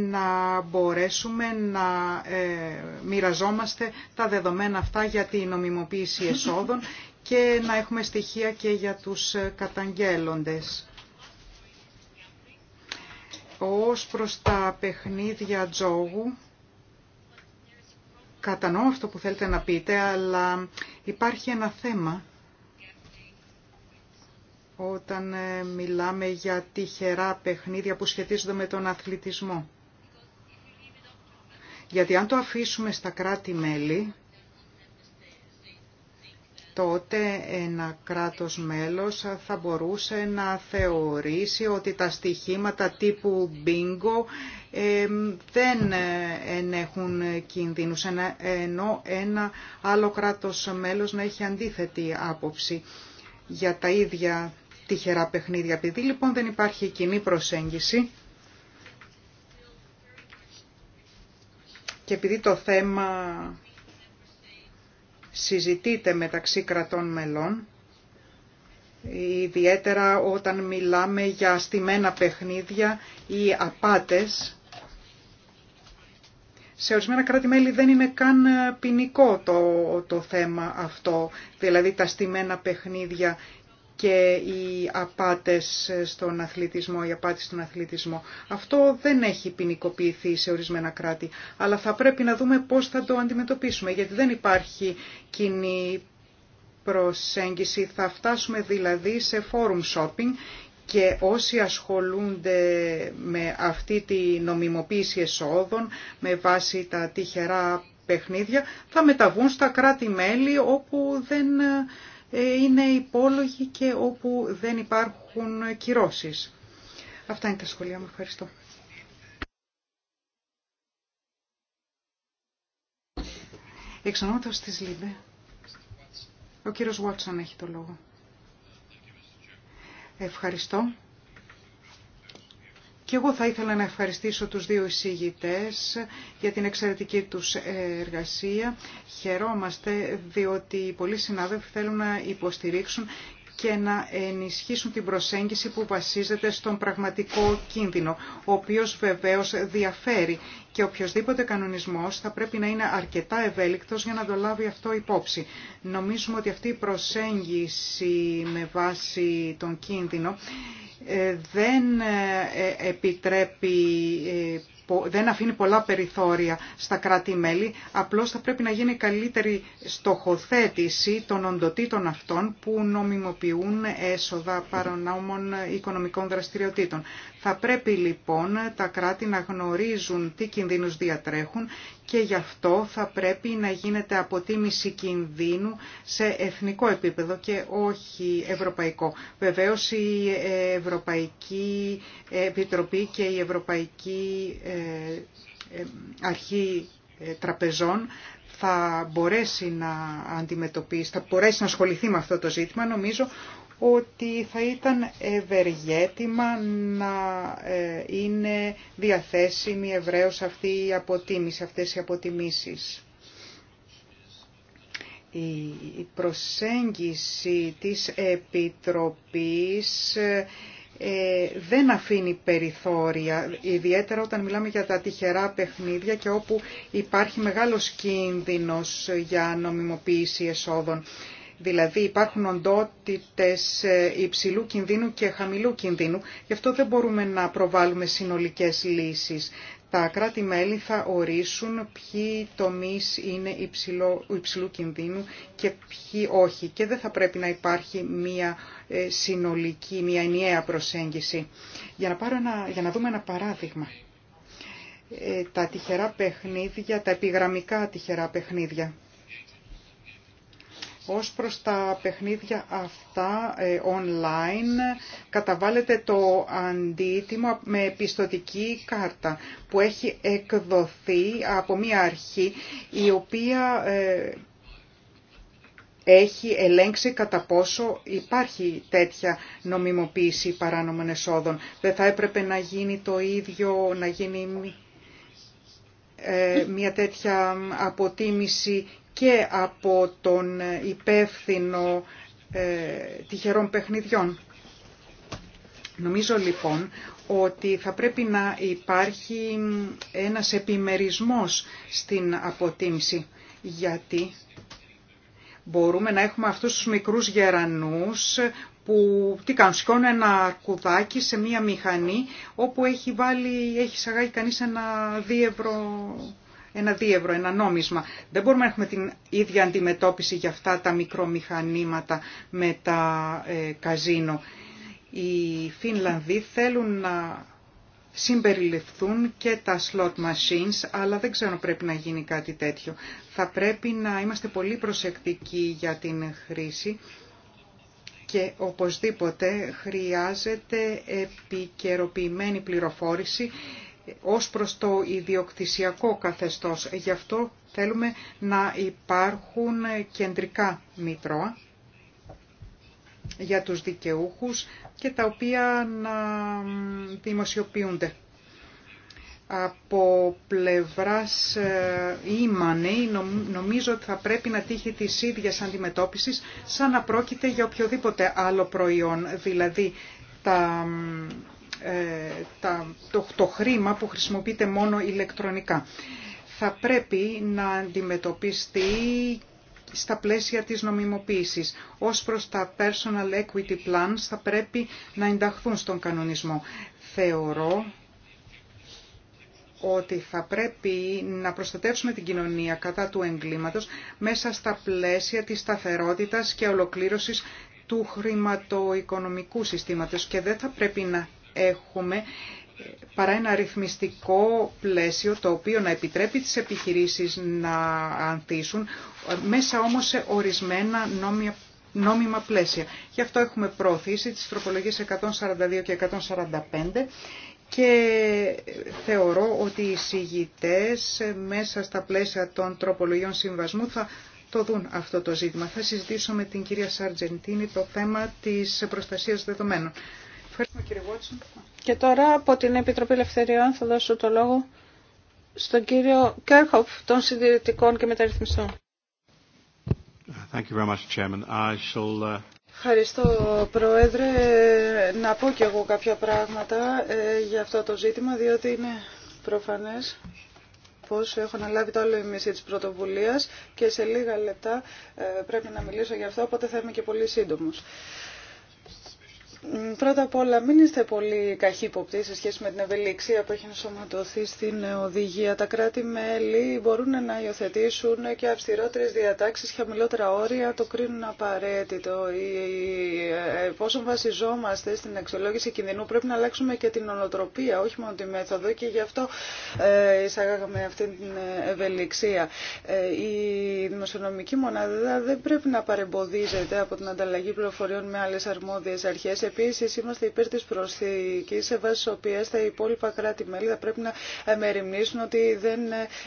να μπορέσουμε να ε, μοιραζόμαστε τα δεδομένα αυτά για την νομιμοποίηση εσόδων και να έχουμε στοιχεία και για τους καταγγέλλοντες. Ως προς τα παιχνίδια τζόγου, κατανοώ αυτό που θέλετε να πείτε, αλλά υπάρχει ένα θέμα όταν ε, μιλάμε για τυχερά παιχνίδια που σχετίζονται με τον αθλητισμό. Γιατί αν το αφήσουμε στα κράτη-μέλη, τότε ένα κράτος μέλος θα μπορούσε να θεωρήσει ότι τα στοιχήματα τύπου μπίνγκο ε, δεν ε, έχουν κινδύνους, ενώ ένα άλλο κράτος μέλος να έχει αντίθετη άποψη για τα ίδια τυχερά παιχνίδια. Επειδή λοιπόν δεν υπάρχει κοινή προσέγγιση και επειδή το θέμα συζητείται μεταξύ κρατών μελών, ιδιαίτερα όταν μιλάμε για στημένα παιχνίδια ή απάτες. Σε ορισμένα κράτη-μέλη δεν είναι καν ποινικό το, το θέμα αυτό, δηλαδή τα στημένα παιχνίδια και οι απάτες στον αθλητισμό, οι απάτες στον αθλητισμό. Αυτό δεν έχει ποινικοποιηθεί σε ορισμένα κράτη, αλλά θα πρέπει να δούμε πώς θα το αντιμετωπίσουμε, γιατί δεν υπάρχει κοινή προσέγγιση. Θα φτάσουμε δηλαδή σε forum shopping και όσοι ασχολούνται με αυτή τη νομιμοποίηση εσόδων με βάση τα τυχερά παιχνίδια θα μεταβούν στα κράτη-μέλη όπου δεν είναι υπόλογοι και όπου δεν υπάρχουν κυρώσεις. Αυτά είναι τα σχολεία μου. Ευχαριστώ. Εξ της ΛΥΜΕ, ο κύριος Βάτσον έχει το λόγο. Ευχαριστώ. Και εγώ θα ήθελα να ευχαριστήσω τους δύο εισηγητές για την εξαιρετική τους εργασία. Χαιρόμαστε διότι πολλοί συνάδελφοι θέλουν να υποστηρίξουν και να ενισχύσουν την προσέγγιση που βασίζεται στον πραγματικό κίνδυνο, ο οποίος βεβαίως διαφέρει και οποιοδήποτε κανονισμός θα πρέπει να είναι αρκετά ευέλικτος για να το λάβει αυτό υπόψη. Νομίζουμε ότι αυτή η προσέγγιση με βάση τον κίνδυνο ε, δεν ε, ε, επιτρέπει δεν αφήνει πολλά περιθώρια στα κράτη-μέλη, απλώς θα πρέπει να γίνει καλύτερη στοχοθέτηση των οντοτήτων αυτών που νομιμοποιούν έσοδα παρανόμων οικονομικών δραστηριοτήτων. Θα πρέπει λοιπόν τα κράτη να γνωρίζουν τι κινδύνους διατρέχουν και γι' αυτό θα πρέπει να γίνεται αποτίμηση κινδύνου σε εθνικό επίπεδο και όχι ευρωπαϊκό. Βεβαίως η Ευρωπαϊκή Επιτροπή και η Ευρωπαϊκή ε, ε, Αρχή ε, Τραπεζών θα μπορέσει να αντιμετωπίσει, θα μπορέσει να ασχοληθεί με αυτό το ζήτημα. Νομίζω ότι θα ήταν ευεργέτημα να ε, είναι διαθέσιμη ευρέως αυτή η αποτίμηση, αυτές οι αποτιμήσεις. Η προσέγγιση της Επιτροπής ε, δεν αφήνει περιθώρια, ιδιαίτερα όταν μιλάμε για τα τυχερά παιχνίδια και όπου υπάρχει μεγάλος κίνδυνος για νομιμοποίηση εσόδων. Δηλαδή υπάρχουν οντότητες ε, υψηλού κινδύνου και χαμηλού κινδύνου, γι' αυτό δεν μπορούμε να προβάλλουμε συνολικές λύσεις. Τα κράτη-μέλη θα ορίσουν ποιοι τομείς είναι υψηλό, υψηλού κινδύνου και ποιοι όχι. Και δεν θα πρέπει να υπάρχει μία ε, συνολική, μία ενιαία προσέγγιση. Για να, πάρω για να δούμε ένα παράδειγμα. Ε, τα τυχερά παιχνίδια, τα επιγραμμικά τυχερά παιχνίδια. Ως προς τα παιχνίδια αυτά ε, online καταβάλλεται το αντίτιμο με πιστοτική κάρτα που έχει εκδοθεί από μία αρχή η οποία ε, έχει ελέγξει κατά πόσο υπάρχει τέτοια νομιμοποίηση παράνομων εσόδων. Δεν θα έπρεπε να γίνει το ίδιο, να γίνει μια ε, τέτοια αποτίμηση και από τον υπεύθυνο ε, τυχερών παιχνιδιών. Νομίζω λοιπόν ότι θα πρέπει να υπάρχει ένας επιμερισμός στην αποτίμηση, γιατί μπορούμε να έχουμε αυτούς τους μικρούς γερανούς που τι κάνουν, ένα κουδάκι σε μία μηχανή όπου έχει βάλει, έχει σαγάγει κανείς ένα δίευρο ένα δίευρο, ένα νόμισμα. Δεν μπορούμε να έχουμε την ίδια αντιμετώπιση για αυτά τα μικρομηχανήματα με τα ε, καζίνο. Οι Φινλανδοί θέλουν να συμπεριληφθούν και τα slot machines, αλλά δεν ξέρω πρέπει να γίνει κάτι τέτοιο. Θα πρέπει να είμαστε πολύ προσεκτικοί για την χρήση και οπωσδήποτε χρειάζεται επικαιροποιημένη πληροφόρηση ως προς το ιδιοκτησιακό καθεστώς. Γι' αυτό θέλουμε να υπάρχουν κεντρικά μητρώα για τους δικαιούχους και τα οποία να δημοσιοποιούνται. Από πλευράς ήμανε ε, νομίζω ότι θα πρέπει να τύχει της ίδιας αντιμετώπισης σαν να πρόκειται για οποιοδήποτε άλλο προϊόν, δηλαδή τα ε, το χρήμα που χρησιμοποιείται μόνο ηλεκτρονικά. Θα πρέπει να αντιμετωπιστεί στα πλαίσια της νομιμοποίησης. Ως προς τα personal equity plans θα πρέπει να ενταχθούν στον κανονισμό. Θεωρώ ότι θα πρέπει να προστατεύσουμε την κοινωνία κατά του εγκλήματος μέσα στα πλαίσια της σταθερότητας και ολοκλήρωσης του χρηματοοικονομικού συστήματος και δεν θα πρέπει να έχουμε παρά ένα ρυθμιστικό πλαίσιο το οποίο να επιτρέπει τις επιχειρήσεις να ανθίσουν μέσα όμως σε ορισμένα νόμια νόμιμα πλαίσια. Γι' αυτό έχουμε προωθήσει τις τροπολογίες 142 και 145 και θεωρώ ότι οι συγητές μέσα στα πλαίσια των τροπολογιών συμβασμού θα το δουν αυτό το ζήτημα. Θα συζητήσω με την κυρία Σαρτζεντίνη το θέμα της προστασίας δεδομένων. Και τώρα από την Επιτροπή Ελευθεριών θα δώσω το λόγο στον κύριο Κέρχοφ των συντηρητικών και μεταρρυθμιστών. Thank you very much, Chairman. I shall... Uh, Ευχαριστώ, Πρόεδρε. Να πω κι εγώ κάποια πράγματα ε, για αυτό το ζήτημα, διότι είναι προφανές πως έχω αναλάβει το άλλο μισή της πρωτοβουλίας και σε λίγα λεπτά ε, πρέπει να μιλήσω για αυτό, οπότε θα είμαι και πολύ σύντομος. Πρώτα απ' όλα, μην είστε πολύ καχύποπτοι σε σχέση με την ευελιξία που έχει ενσωματωθεί στην οδηγία. Τα κράτη-μέλη μπορούν να υιοθετήσουν και αυστηρότερε διατάξει, χαμηλότερα όρια, το κρίνουν απαραίτητο. Πόσο ε, βασιζόμαστε στην αξιολόγηση κινδυνού, πρέπει να αλλάξουμε και την ονοτροπία όχι μόνο τη μέθοδο, και γι' αυτό ε, εισαγάγαμε αυτή την ευελιξία. Ε, η δημοσιονομική μονάδα δεν πρέπει να παρεμποδίζεται από την ανταλλαγή πληροφοριών με άλλε αρμόδιε αρχέ Επίση είμαστε υπέρ τη προσθήκη, σε βάση της οποία τα υπόλοιπα κράτη-μέλη θα πρέπει να μεριμνήσουν ότι δεν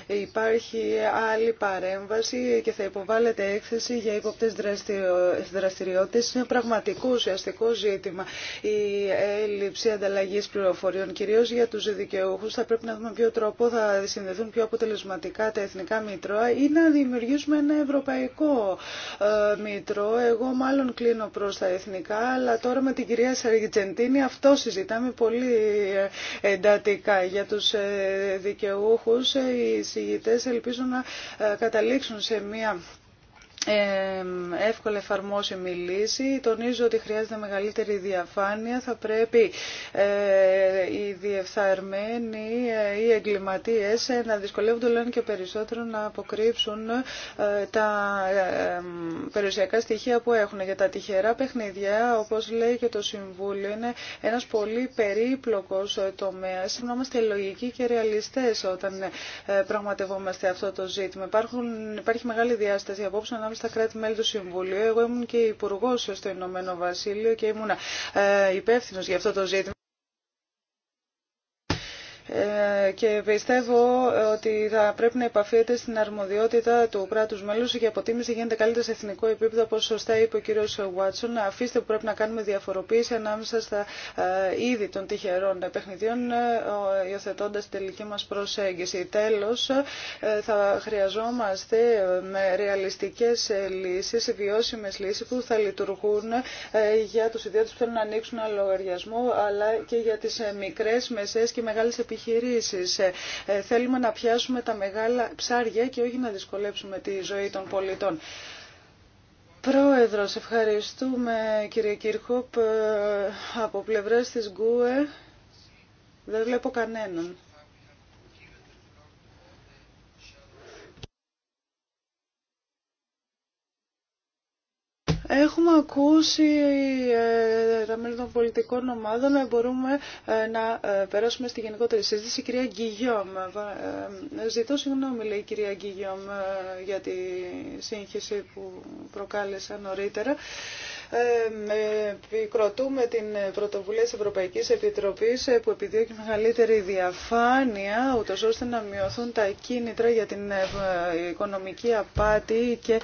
υπάρχει άλλη παρέμβαση και θα υποβάλλεται έκθεση για ύποπτε δραστηριότητε. Είναι πραγματικό ουσιαστικό ζήτημα η έλλειψη ανταλλαγή πληροφοριών, Κυρίω για του δικαιούχου. Θα πρέπει να δούμε ποιο τρόπο θα συνδεθούν πιο αποτελεσματικά τα εθνικά μήτρωα ή να δημιουργήσουμε ένα ευρωπαϊκό ε, μήτρο. Εγώ μάλλον κλείνω προ τα εθνικά, αλλά τώρα με την κυρία Σαργιτζεντίνη, αυτό συζητάμε πολύ ε, εντατικά για τους ε, δικαιούχους. Ε, οι συγητές ελπίζουν να καταλήξουν σε μια εύκολα εφαρμόσιμη λύση. Τονίζω ότι χρειάζεται μεγαλύτερη διαφάνεια. Θα πρέπει ε, οι διεφθαρμένοι ή ε, οι εγκληματίες ε, να δυσκολεύονται λένε και περισσότερο να αποκρύψουν τα περιουσιακά στοιχεία που έχουν. Για τα τυχερά παιχνίδια, όπως λέει και το Συμβούλιο, είναι ένας πολύ περίπλοκος τομέας. Να είμαστε λογικοί και ρεαλιστές όταν πραγματευόμαστε αυτό το ζήτημα. υπάρχει μεγάλη διάσταση απόψε ανάμεσα στα κράτη-μέλη του Συμβουλίου. Εγώ ήμουν και υπουργό στο Ηνωμένο Βασίλειο και ήμουν ε, υπεύθυνο για αυτό το ζήτημα. Ε, και πιστεύω ότι θα πρέπει να επαφείται στην αρμοδιότητα του κράτου μέλου και η αποτίμηση γίνεται καλύτερα σε εθνικό επίπεδο, όπω σωστά είπε ο κύριο Βάτσον. Αφήστε που πρέπει να κάνουμε διαφοροποίηση ανάμεσα στα ε, είδη των τυχερών παιχνιδιών, ε, υιοθετώντα την τελική μα προσέγγιση. Τέλο, θα χρειαζόμαστε με ρεαλιστικέ λύσει, βιώσιμε λύσει που θα λειτουργούν για του ιδιώτε που θέλουν να ανοίξουν ένα λογαριασμό, αλλά και για τι μικρέ, μεσαίε και μεγάλε επιχειρήσει ε, ε, θέλουμε να πιάσουμε τα μεγάλα ψάρια και όχι να δυσκολέψουμε τη ζωή των πολιτών. Πρόεδρος, ευχαριστούμε κύριε Κύρχοπ. Ε, από πλευράς της Γκουε δεν βλέπω κανέναν. Έχουμε ακούσει ε, τα μέλη των πολιτικών ομάδων, ε, μπορούμε ε, να περάσουμε στη γενικότερη συζήτηση. κυρία Γκυγιόμ, ζητώ συγγνώμη λέει η κυρία Γκυγιόμ για τη σύγχυση που προκάλεσα νωρίτερα επικροτούμε ε, την πρωτοβουλία της Ευρωπαϊκής Επιτροπής ε, που επιδιώκει μεγαλύτερη διαφάνεια ούτως ώστε να μειωθούν τα κίνητρα για την ε, οικονομική απάτη και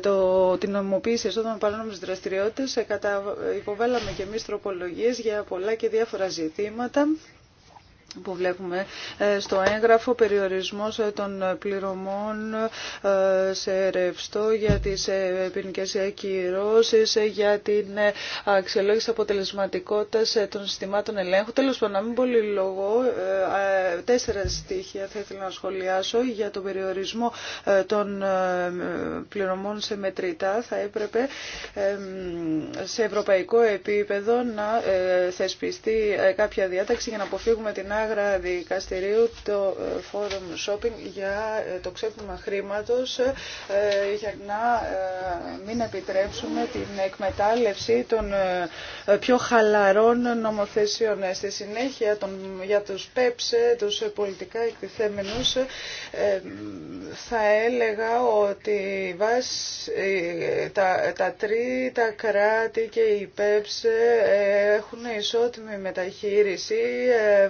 το, την νομοποίηση εσόδων παράνομες δραστηριότητες. Κατα, υποβάλαμε και εμείς τροπολογίες για πολλά και διάφορα ζητήματα που βλέπουμε ε, στο έγγραφο περιορισμός ε, των πληρωμών ε, σε ρευστό για τις ποινικές ακυρώσεις, για την αξιολόγηση αποτελεσματικότητας των συστημάτων ελέγχου. Τέλος πάντων, να μην πολύ λόγο, τέσσερα στοιχεία θα ήθελα να σχολιάσω για τον περιορισμό των πληρωμών σε μετρητά. Θα έπρεπε σε ευρωπαϊκό επίπεδο να θεσπιστεί κάποια διάταξη για να αποφύγουμε την άγρα Δικαστηρίου το ε, Forum Shopping για ε, το ξέπλυμα χρήματος ε, για να μην επιτρέψουμε την εκμετάλλευση των πιο χαλαρών νομοθεσιών. Στη συνέχεια για τους ΠΕΠΣ, e τους πολιτικά εκτιθέμενους, θα έλεγα ότι τα, τα τρίτα κράτη και οι ΠΕΠΣ e έχουν ισότιμη μεταχείριση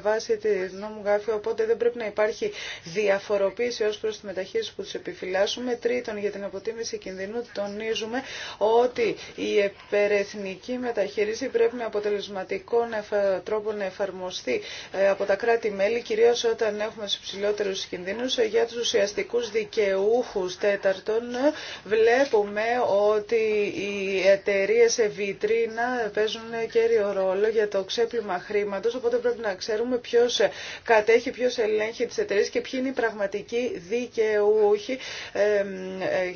βάσει τη νόμου γάφη, οπότε δεν πρέπει να υπάρχει διαφοροποίηση ω προ τη μεταχείριση που του επιφυλάσσουμε. Τρίτον, για την αποτίμηση κινδύνου τονίζουμε ότι η υπερεθνική μεταχείριση πρέπει με αποτελεσματικό τρόπο να εφαρμοστεί ε, από τα κράτη-μέλη, κυρίω όταν έχουμε στου ψηλότερου κινδύνου. Ε, για του ουσιαστικού δικαιούχου Τέταρτον, ε, βλέπουμε ότι οι εταιρείε σε βιτρίνα παίζουν κέριο ρόλο για το ξέπλυμα χρήματο, οπότε πρέπει να ξέρουμε ποιο ε, κατέχει, ποιος ελέγχει τις εταιρείες και ποιοι είναι οι πραγματικοί δικαιούχοι.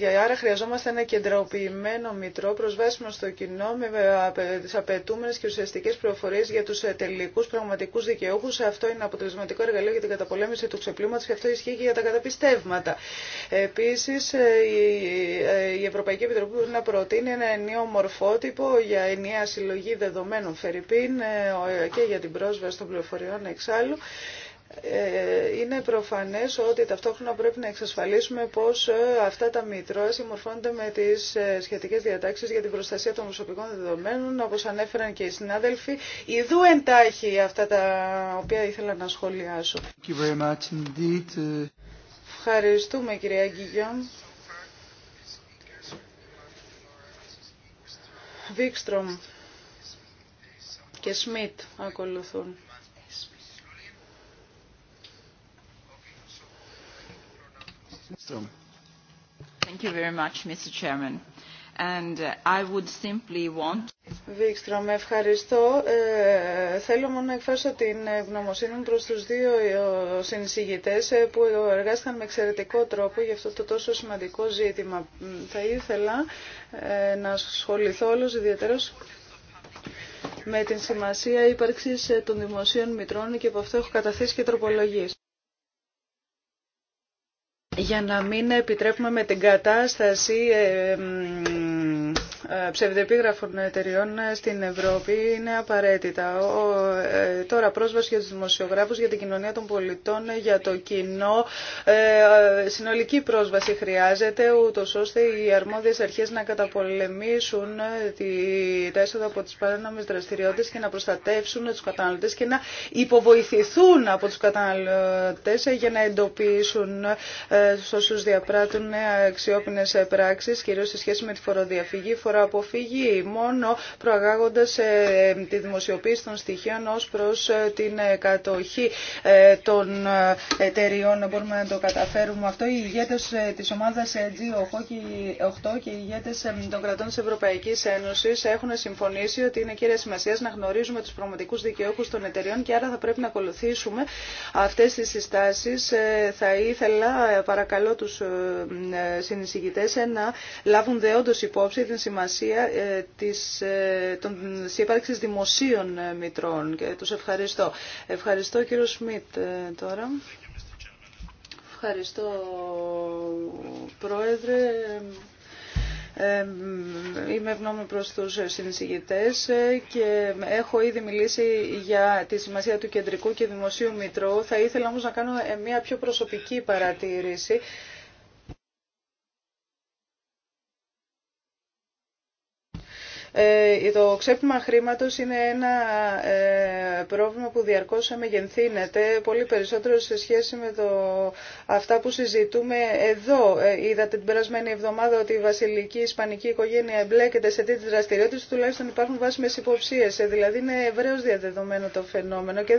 Ε, άρα χρειαζόμαστε ένα κεντροποιημένο μητρό προσβάσιμο στο κοινό με ε, τις απαιτούμενες και ουσιαστικές πληροφορίες για τους τελικούς πραγματικούς δικαιούχους. Αυτό είναι αποτελεσματικό εργαλείο για την καταπολέμηση του ξεπλήματος και αυτό ισχύει και για τα καταπιστεύματα. Επίσης, η Ευρωπαϊκή Επιτροπή μπορεί να προτείνει ένα ενίο μορφότυπο για ενιαία συλλογή δεδομένων Φερρυπίν και για την πρόσβαση των πληροφοριών εξάλλου ε, είναι προφανές ότι ταυτόχρονα πρέπει να εξασφαλίσουμε πως ε, αυτά τα μητρώα συμμορφώνονται με τις ε, σχετικές διατάξεις για την προστασία των προσωπικών δεδομένων, όπως ανέφεραν και οι συνάδελφοι. Ιδού εντάχει αυτά τα οποία ήθελα να σχολιάσω. Ευχαριστούμε κυρία Γκίγιον. Βίξτρομ και Σμιτ ακολουθούν. Thank ευχαριστώ. θέλω μόνο να εκφράσω την γνωμοσύνη μου προς τους δύο ε, συνεισηγητές ε, που εργάστηκαν με εξαιρετικό τρόπο για αυτό το τόσο σημαντικό ζήτημα. Θα ήθελα ε, να ασχοληθώ όλος ιδιαίτερος με την σημασία ύπαρξης των δημοσίων μητρών και από αυτό έχω καταθέσει και τροπολογίες για να μην επιτρέπουμε με την κατάσταση ε, ψευδεπίγραφων εταιριών ε, στην Ευρώπη είναι απαραίτητα. Ε, τώρα πρόσβαση για του δημοσιογράφους, για την κοινωνία των πολιτών, για το κοινό. Συνολική πρόσβαση χρειάζεται, ούτως ώστε οι αρμόδιες αρχές να καταπολεμήσουν τα έσοδα από τις παράνομες δραστηριότητες και να προστατεύσουν τους καταναλωτέ και να υποβοηθηθούν από τους καταναλωτέ για να εντοπίσουν στους όσους διαπράττουν αξιόπινες πράξεις, κυρίως σε σχέση με τη φοροδιαφυγή, Αποφύγει μόνο προαγάγοντας ε, τη δημοσιοποίηση των στοιχείων ως προς ε, την ε, κατοχή των εταιριών. Μπορούμε να το καταφέρουμε αυτό. Οι ηγέτες της ομάδας G8 και οι ηγέτες των κρατών της Ευρωπαϊκής Ένωσης έχουν συμφωνήσει ότι είναι κύρια σημασία να γνωρίζουμε τους πραγματικούς δικαιούχους των εταιριών και άρα θα πρέπει να ακολουθήσουμε αυτές τις συστάσεις. Θα ήθελα παρακαλώ τους συνεισηγητές να λάβουν δεόντως υπόψη την σημασία σημασία ε, της, ε, των, δημοσίων ε, μητρών και τους ευχαριστώ. Ευχαριστώ κύριο Σμιτ τώρα. Ευχαριστώ πρόεδρε. Είμαι ευγνώμη προς τους συνεισηγητές και έχω ήδη μιλήσει για τη σημασία του κεντρικού και δημοσίου μητρώου. Θα ήθελα όμως να κάνω μια πιο προσωπική παρατήρηση. Ε, το ξέπλυμα χρήματος είναι ένα ε, πρόβλημα που διαρκώς αμεγενθύνεται πολύ περισσότερο σε σχέση με το, αυτά που συζητούμε εδώ. Ε, είδατε την περασμένη εβδομάδα ότι η βασιλική ισπανική οικογένεια εμπλέκεται σε τέτοιες δραστηριότητες, τουλάχιστον υπάρχουν βάσιμες υποψίες. Δηλαδή είναι ευρέως διαδεδομένο το φαινόμενο και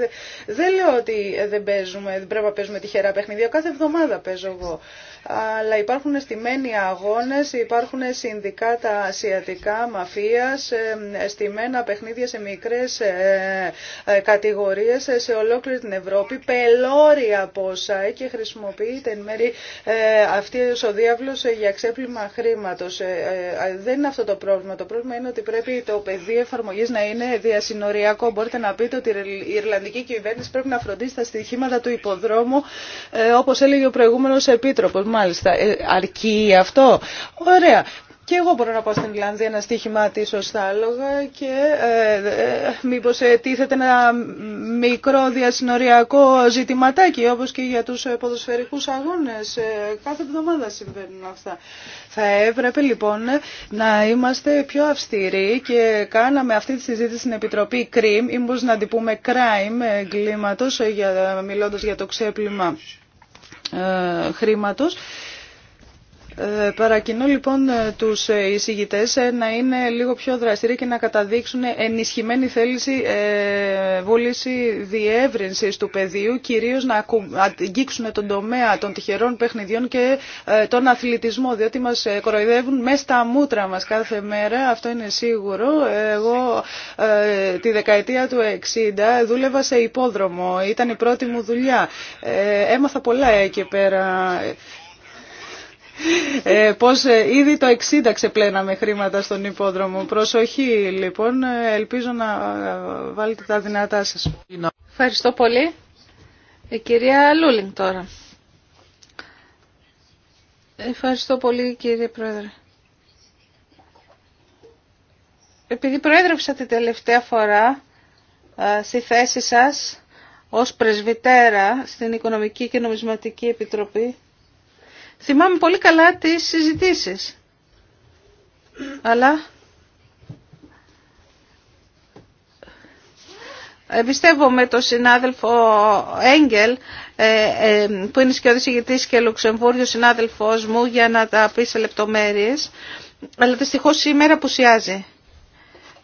δεν, λέω ότι δεν δεν πρέπει να παίζουμε τυχερά παιχνίδια, κάθε εβδομάδα παίζω εγώ αλλά υπάρχουν στημένοι αγώνες, υπάρχουν συνδικάτα ασιατικά μαφίας, ε, στημένα παιχνίδια σε μικρές ε, ε, κατηγορίες σε ολόκληρη την Ευρώπη, πελώρια ποσά και χρησιμοποιείται εν μέρη αυτή ο διάβλος για ξέπλυμα χρήματος. Δεν είναι αυτό το πρόβλημα. Το πρόβλημα είναι ότι πρέπει το πεδίο εφαρμογή να είναι διασυνοριακό. Μπορείτε να πείτε ότι η Ιρλανδική κυβέρνηση πρέπει να φροντίσει τα στοιχήματα του υποδρόμου, όπως έλεγε ο προηγούμενος Επίτροπος μάλιστα. Ε, αρκεί αυτό. Ωραία. Και εγώ μπορώ να πάω στην Ιλάνδια να στοίχημα τη άλογα και ε, ε, μήπως ε, τίθεται ένα μικρό διασυνοριακό ζητηματάκι όπως και για τους ε, ποδοσφαιρικούς αγώνες. κάθε εβδομάδα συμβαίνουν αυτά. Θα έπρεπε λοιπόν να είμαστε πιο αυστηροί και κάναμε αυτή τη συζήτηση στην Επιτροπή ΚΡΙΜ ή μήπως να την πούμε crime για, μιλώντας για το ξέπλυμα ε, χρήματος ε, παρακινώ λοιπόν ε, τους ε, εισηγητές να είναι λίγο πιο δραστηροί και να καταδείξουν ενισχυμένη θέληση, βούληση διεύρυνσης του πεδίου, κυρίως να αγγίξουν τον τομέα των τυχερών παιχνιδιών και τον αθλητισμό, διότι μας κοροϊδεύουν μέσα στα μούτρα μας κάθε μέρα, αυτό είναι σίγουρο. Εγώ τη δεκαετία του 60 δούλευα σε υπόδρομο, ήταν η πρώτη μου δουλειά. Έμαθα πολλά εκεί πέρα ε, πως ε, ήδη το 60 ξεπλέναμε χρήματα στον υπόδρομο. Προσοχή λοιπόν, ε, ελπίζω να ε, βάλετε τα δυνατά σας. Ευχαριστώ πολύ. Η κυρία Λούλινγκ τώρα. Ευχαριστώ πολύ κύριε Πρόεδρε. Επειδή προέδρευσα την τελευταία φορά στη θέση σας ως πρεσβυτέρα στην Οικονομική και Νομισματική Επιτροπή, Θυμάμαι πολύ καλά τις συζητήσεις. Αλλά εμπιστεύομαι τον συνάδελφο Έγγελ ε, ε, που είναι σκιώδης ηγητής και Λουξεμβούργιο συνάδελφός μου για να τα πει σε λεπτομέρειες αλλά δυστυχώ σήμερα απουσιάζει.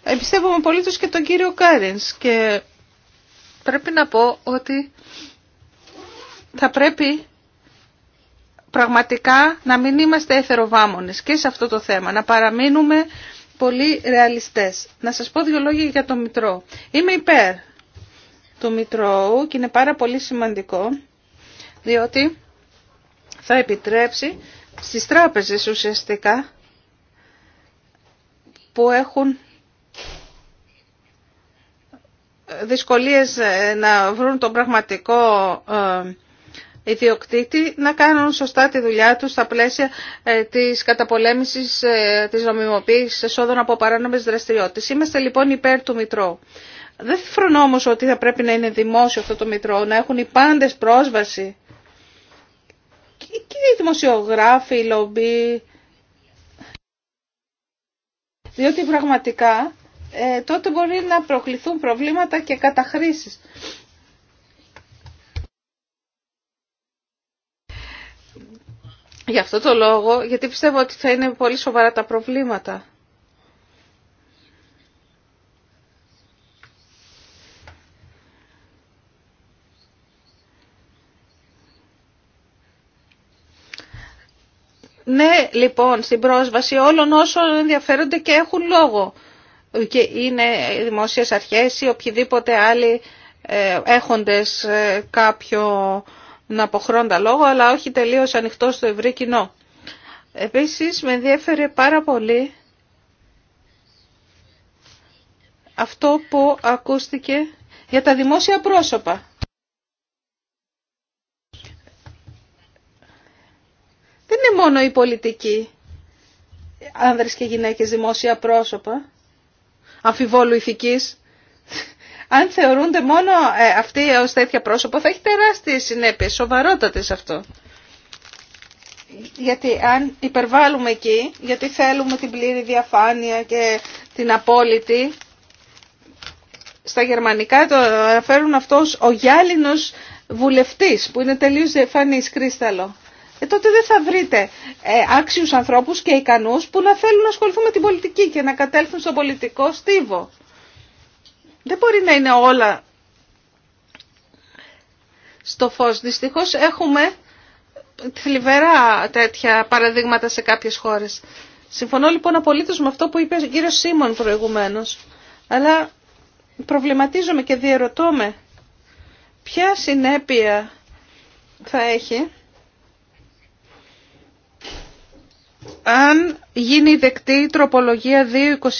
Εμπιστεύομαι πολύ και τον κύριο Κάρινς και πρέπει να πω ότι θα πρέπει πραγματικά να μην είμαστε εθεροβάμονες και σε αυτό το θέμα, να παραμείνουμε πολύ ρεαλιστές. Να σας πω δύο λόγια για το Μητρό. Είμαι υπέρ του Μητρώου και είναι πάρα πολύ σημαντικό, διότι θα επιτρέψει στις τράπεζες ουσιαστικά που έχουν δυσκολίες ε, να βρουν τον πραγματικό ε, ιδιοκτήτη να κάνουν σωστά τη δουλειά τους στα πλαίσια ε, της καταπολέμησης ε, της νομιμοποίησης εσόδων από παράνομες δραστηριότητες. Είμαστε λοιπόν υπέρ του Μητρώου. Δεν φρονώ όμω ότι θα πρέπει να είναι δημόσιο αυτό το Μητρό, να έχουν οι πάντες πρόσβαση. Και οι δημοσιογράφοι, οι λομπί. Διότι πραγματικά ε, τότε μπορεί να προκληθούν προβλήματα και καταχρήσεις. Γι' αυτό το λόγο, γιατί πιστεύω ότι θα είναι πολύ σοβαρά τα προβλήματα. Ναι, λοιπόν, στην πρόσβαση όλων όσων ενδιαφέρονται και έχουν λόγο. Και είναι δημόσιες αρχές ή οποιοδήποτε άλλοι ε, έχοντες ε, κάποιο να αποχρώντα λόγο, αλλά όχι τελείως ανοιχτό στο ευρύ κοινό. Επίσης, με ενδιέφερε πάρα πολύ αυτό που ακούστηκε για τα δημόσια πρόσωπα. Δεν είναι μόνο οι πολιτικοί, άνδρες και γυναίκες δημόσια πρόσωπα, αμφιβόλου ηθικής αν θεωρούνται μόνο ε, αυτοί ως τέτοια πρόσωπο, θα έχει τεράστιες συνέπειες, σοβαρότατες αυτό. Γιατί αν υπερβάλλουμε εκεί, γιατί θέλουμε την πλήρη διαφάνεια και την απόλυτη, στα γερμανικά το αναφέρουν αυτός ο γυάλινος βουλευτής που είναι τελείως διαφανής κρίσταλο. Ε, τότε δεν θα βρείτε ε, άξιους ανθρώπους και ικανούς που να θέλουν να ασχοληθούν με την πολιτική και να κατέλθουν στον πολιτικό στίβο. Δεν μπορεί να είναι όλα στο φως. Δυστυχώς έχουμε θλιβερά τέτοια παραδείγματα σε κάποιες χώρες. Συμφωνώ λοιπόν απολύτως με αυτό που είπε ο κύριος Σίμων προηγουμένως. Αλλά προβληματίζομαι και διαρωτώμαι ποια συνέπεια θα έχει αν γίνει δεκτή η τροπολογία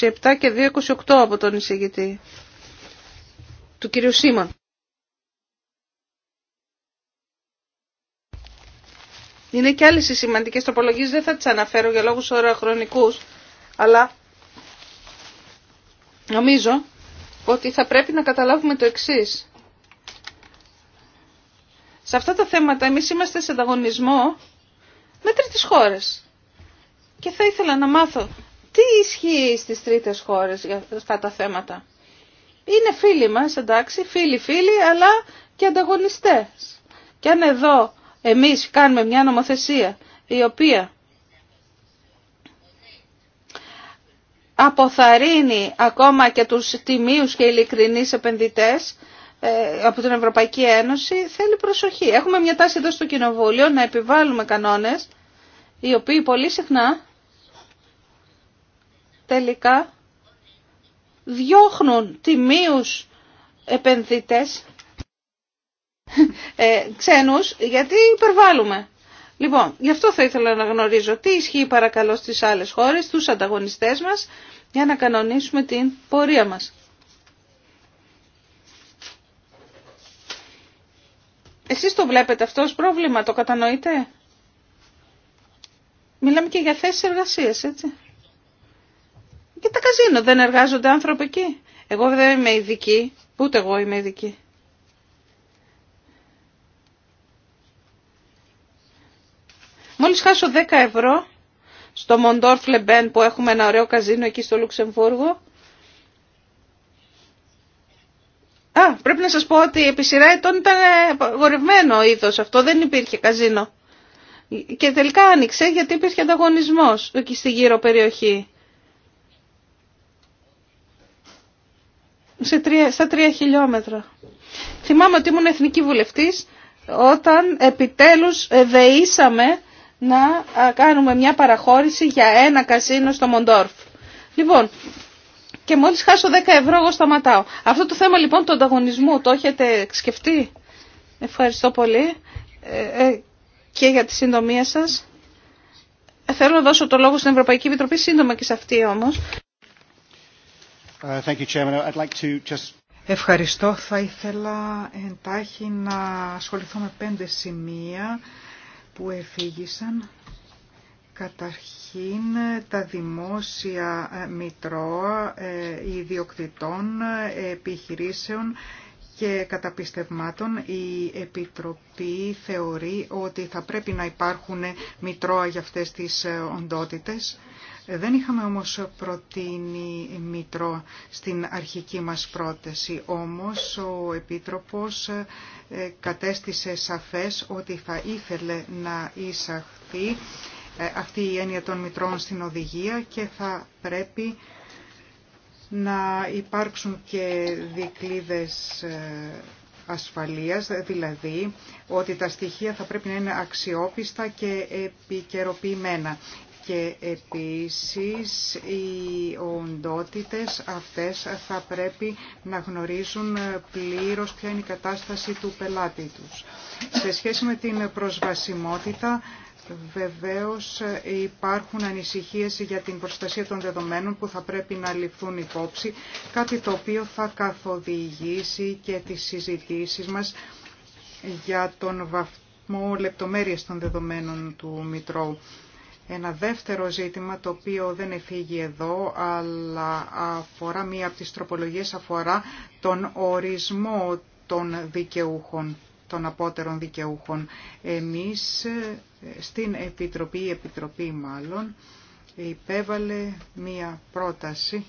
2.27 και 2.28 από τον εισηγητή του κυρίου Σίμων. Είναι και άλλες οι σημαντικές τροπολογίες, δεν θα τις αναφέρω για λόγους ωραχρονικούς, αλλά νομίζω ότι θα πρέπει να καταλάβουμε το εξής. Σε αυτά τα θέματα εμείς είμαστε σε ανταγωνισμό με τρίτες χώρες. Και θα ήθελα να μάθω τι ισχύει στις τρίτες χώρες για αυτά τα θέματα είναι φίλοι μας, εντάξει, φίλοι-φίλοι, αλλά και ανταγωνιστές. Και αν εδώ εμείς κάνουμε μια νομοθεσία η οποία αποθαρρύνει ακόμα και τους τιμίους και ειλικρινείς επενδυτές ε, από την Ευρωπαϊκή Ένωση, θέλει προσοχή. Έχουμε μια τάση εδώ στο Κοινοβούλιο να επιβάλλουμε κανόνες, οι οποίοι πολύ συχνά τελικά διώχνουν τιμίους επενδυτές ε, ξένους γιατί υπερβάλλουμε. Λοιπόν, γι' αυτό θα ήθελα να γνωρίζω τι ισχύει παρακαλώ στις άλλες χώρες, τους ανταγωνιστές μας, για να κανονίσουμε την πορεία μας. Εσείς το βλέπετε αυτό ως πρόβλημα, το κατανοείτε. Μιλάμε και για θέσεις εργασίας, έτσι. Και τα καζίνο, δεν εργάζονται άνθρωποι εκεί. Εγώ δεν είμαι ειδική, ούτε εγώ είμαι ειδική. Μόλις χάσω 10 ευρώ στο Μοντόρφ Λεμπέν που έχουμε ένα ωραίο καζίνο εκεί στο Λουξεμβούργο. Α, πρέπει να σας πω ότι επί σειρά ετών ήταν ε, γορευμένο είδος αυτό, δεν υπήρχε καζίνο. Και τελικά άνοιξε γιατί υπήρχε ανταγωνισμός εκεί στη γύρω περιοχή. σε τρία, στα τρία χιλιόμετρα. Θυμάμαι ότι ήμουν εθνική βουλευτής όταν επιτέλους ε, δεήσαμε να κάνουμε μια παραχώρηση για ένα καζίνο στο Μοντόρφ. Λοιπόν, και μόλις χάσω 10 ευρώ εγώ σταματάω. Αυτό το θέμα λοιπόν του ανταγωνισμού το έχετε σκεφτεί. Ευχαριστώ πολύ ε, ε, και για τη συντομία σας. Θέλω να δώσω το λόγο στην Ευρωπαϊκή Επιτροπή σύντομα και σε αυτή όμως. Uh, Ευχαριστώ. Θα ήθελα εντάχει να ασχοληθώ με πέντε σημεία που εφήγησαν. Καταρχήν τα δημόσια ε, μητρώα ε, ιδιοκτητών ε, επιχειρήσεων και καταπιστευμάτων η Επιτροπή θεωρεί ότι θα πρέπει να υπάρχουν μητρώα για αυτές τις οντότητες ε, δεν είχαμε όμως προτείνει μήτρο στην αρχική μας πρόταση, όμως ο Επίτροπος ε, κατέστησε σαφές ότι θα ήθελε να εισαχθεί ε, αυτή η έννοια των μητρών στην οδηγία και θα πρέπει να υπάρξουν και δικλίδες ασφαλείας, δηλαδή ότι τα στοιχεία θα πρέπει να είναι αξιόπιστα και επικαιροποιημένα και επίσης οι οντότητες αυτές θα πρέπει να γνωρίζουν πλήρως ποια είναι η κατάσταση του πελάτη τους. Σε σχέση με την προσβασιμότητα, Βεβαίως υπάρχουν ανησυχίες για την προστασία των δεδομένων που θα πρέπει να ληφθούν υπόψη, κάτι το οποίο θα καθοδηγήσει και τις συζητήσεις μας για τον βαθμό λεπτομέρειας των δεδομένων του Μητρώου. Ένα δεύτερο ζήτημα το οποίο δεν εφήγει εδώ αλλά αφορά μία από τις τροπολογίες αφορά τον ορισμό των δικαιούχων, των απότερων δικαιούχων. Εμείς στην Επιτροπή, η Επιτροπή μάλλον, υπέβαλε μία πρόταση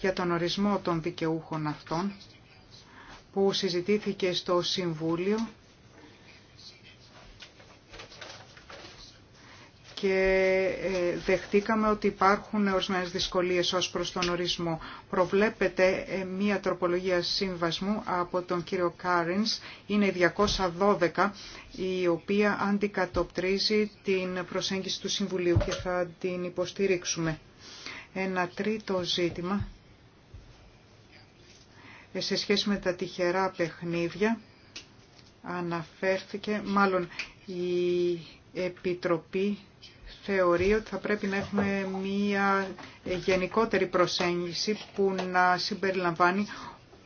για τον ορισμό των δικαιούχων αυτών που συζητήθηκε στο Συμβούλιο και ε, δεχτήκαμε ότι υπάρχουν ορισμένες δυσκολίες ως προς τον ορισμό. Προβλέπεται ε, μία τροπολογία σύμβασμου από τον κύριο Κάριν. είναι 212, η οποία αντικατοπτρίζει την προσέγγιση του Συμβουλίου και θα την υποστηρίξουμε. Ένα τρίτο ζήτημα ε, σε σχέση με τα τυχερά παιχνίδια αναφέρθηκε, μάλλον η Επιτροπή θεωρεί ότι θα πρέπει να έχουμε μία γενικότερη προσέγγιση που να συμπεριλαμβάνει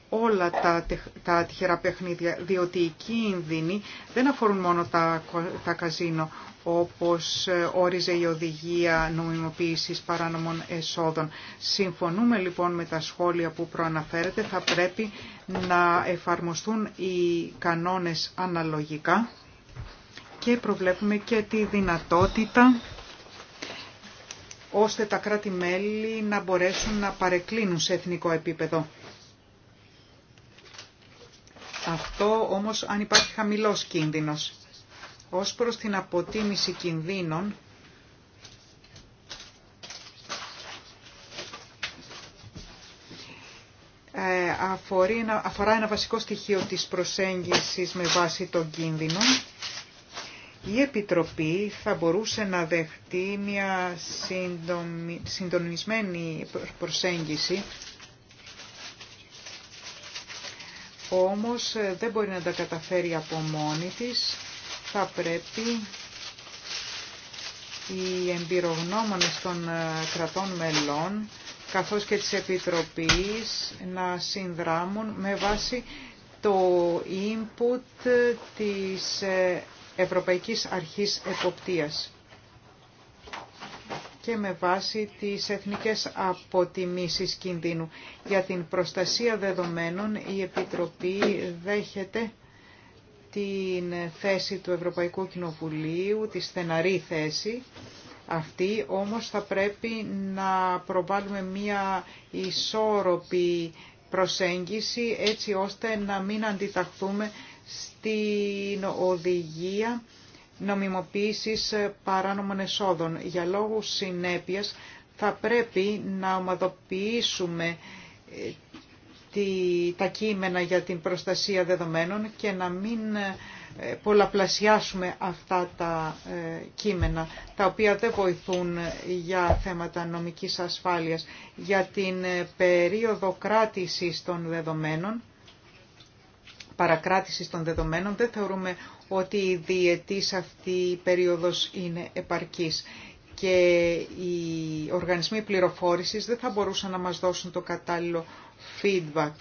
όλα τα, τα τυχερά παιχνίδια, διότι οι κίνδυνοι δεν αφορούν μόνο τα, τα καζίνο, όπως ε, όριζε η οδηγία νομιμοποίησης παράνομων εσόδων. Συμφωνούμε λοιπόν με τα σχόλια που προαναφέρετε, θα πρέπει να εφαρμοστούν οι κανόνες αναλογικά και προβλέπουμε και τη δυνατότητα ώστε τα κράτη-μέλη να μπορέσουν να παρεκκλίνουν σε εθνικό επίπεδο. Αυτό όμως αν υπάρχει χαμηλός κίνδυνος. Ως προς την αποτίμηση κινδύνων, ε, αφορά ένα βασικό στοιχείο της προσέγγισης με βάση τον κίνδυνο η Επιτροπή θα μπορούσε να δεχτεί μια συντονισμένη προσέγγιση, όμως ε, δεν μπορεί να τα καταφέρει από μόνη της. Θα πρέπει οι εμπειρογνώμονες των ε, κρατών μελών, καθώς και της Επιτροπής, να συνδράμουν με βάση το input της ε, Ευρωπαϊκής Αρχής Εποπτείας και με βάση τις εθνικές αποτιμήσεις κινδύνου. Για την προστασία δεδομένων η Επιτροπή δέχεται την θέση του Ευρωπαϊκού Κοινοβουλίου, τη στεναρή θέση. Αυτή όμως θα πρέπει να προβάλλουμε μία ισόρροπη προσέγγιση έτσι ώστε να μην αντιταχθούμε στην οδηγία νομιμοποίησης παράνομων εσόδων. Για λόγους συνέπειας θα πρέπει να ομαδοποιήσουμε ε, τα κείμενα για την προστασία δεδομένων και να μην ε, πολλαπλασιάσουμε αυτά τα ε, κείμενα, τα οποία δεν βοηθούν για θέματα νομικής ασφάλειας. Για την περίοδο κράτησης των δεδομένων παρακράτησης των δεδομένων, δεν θεωρούμε ότι η διετής αυτή η περίοδος είναι επαρκής και οι οργανισμοί πληροφόρησης δεν θα μπορούσαν να μας δώσουν το κατάλληλο feedback.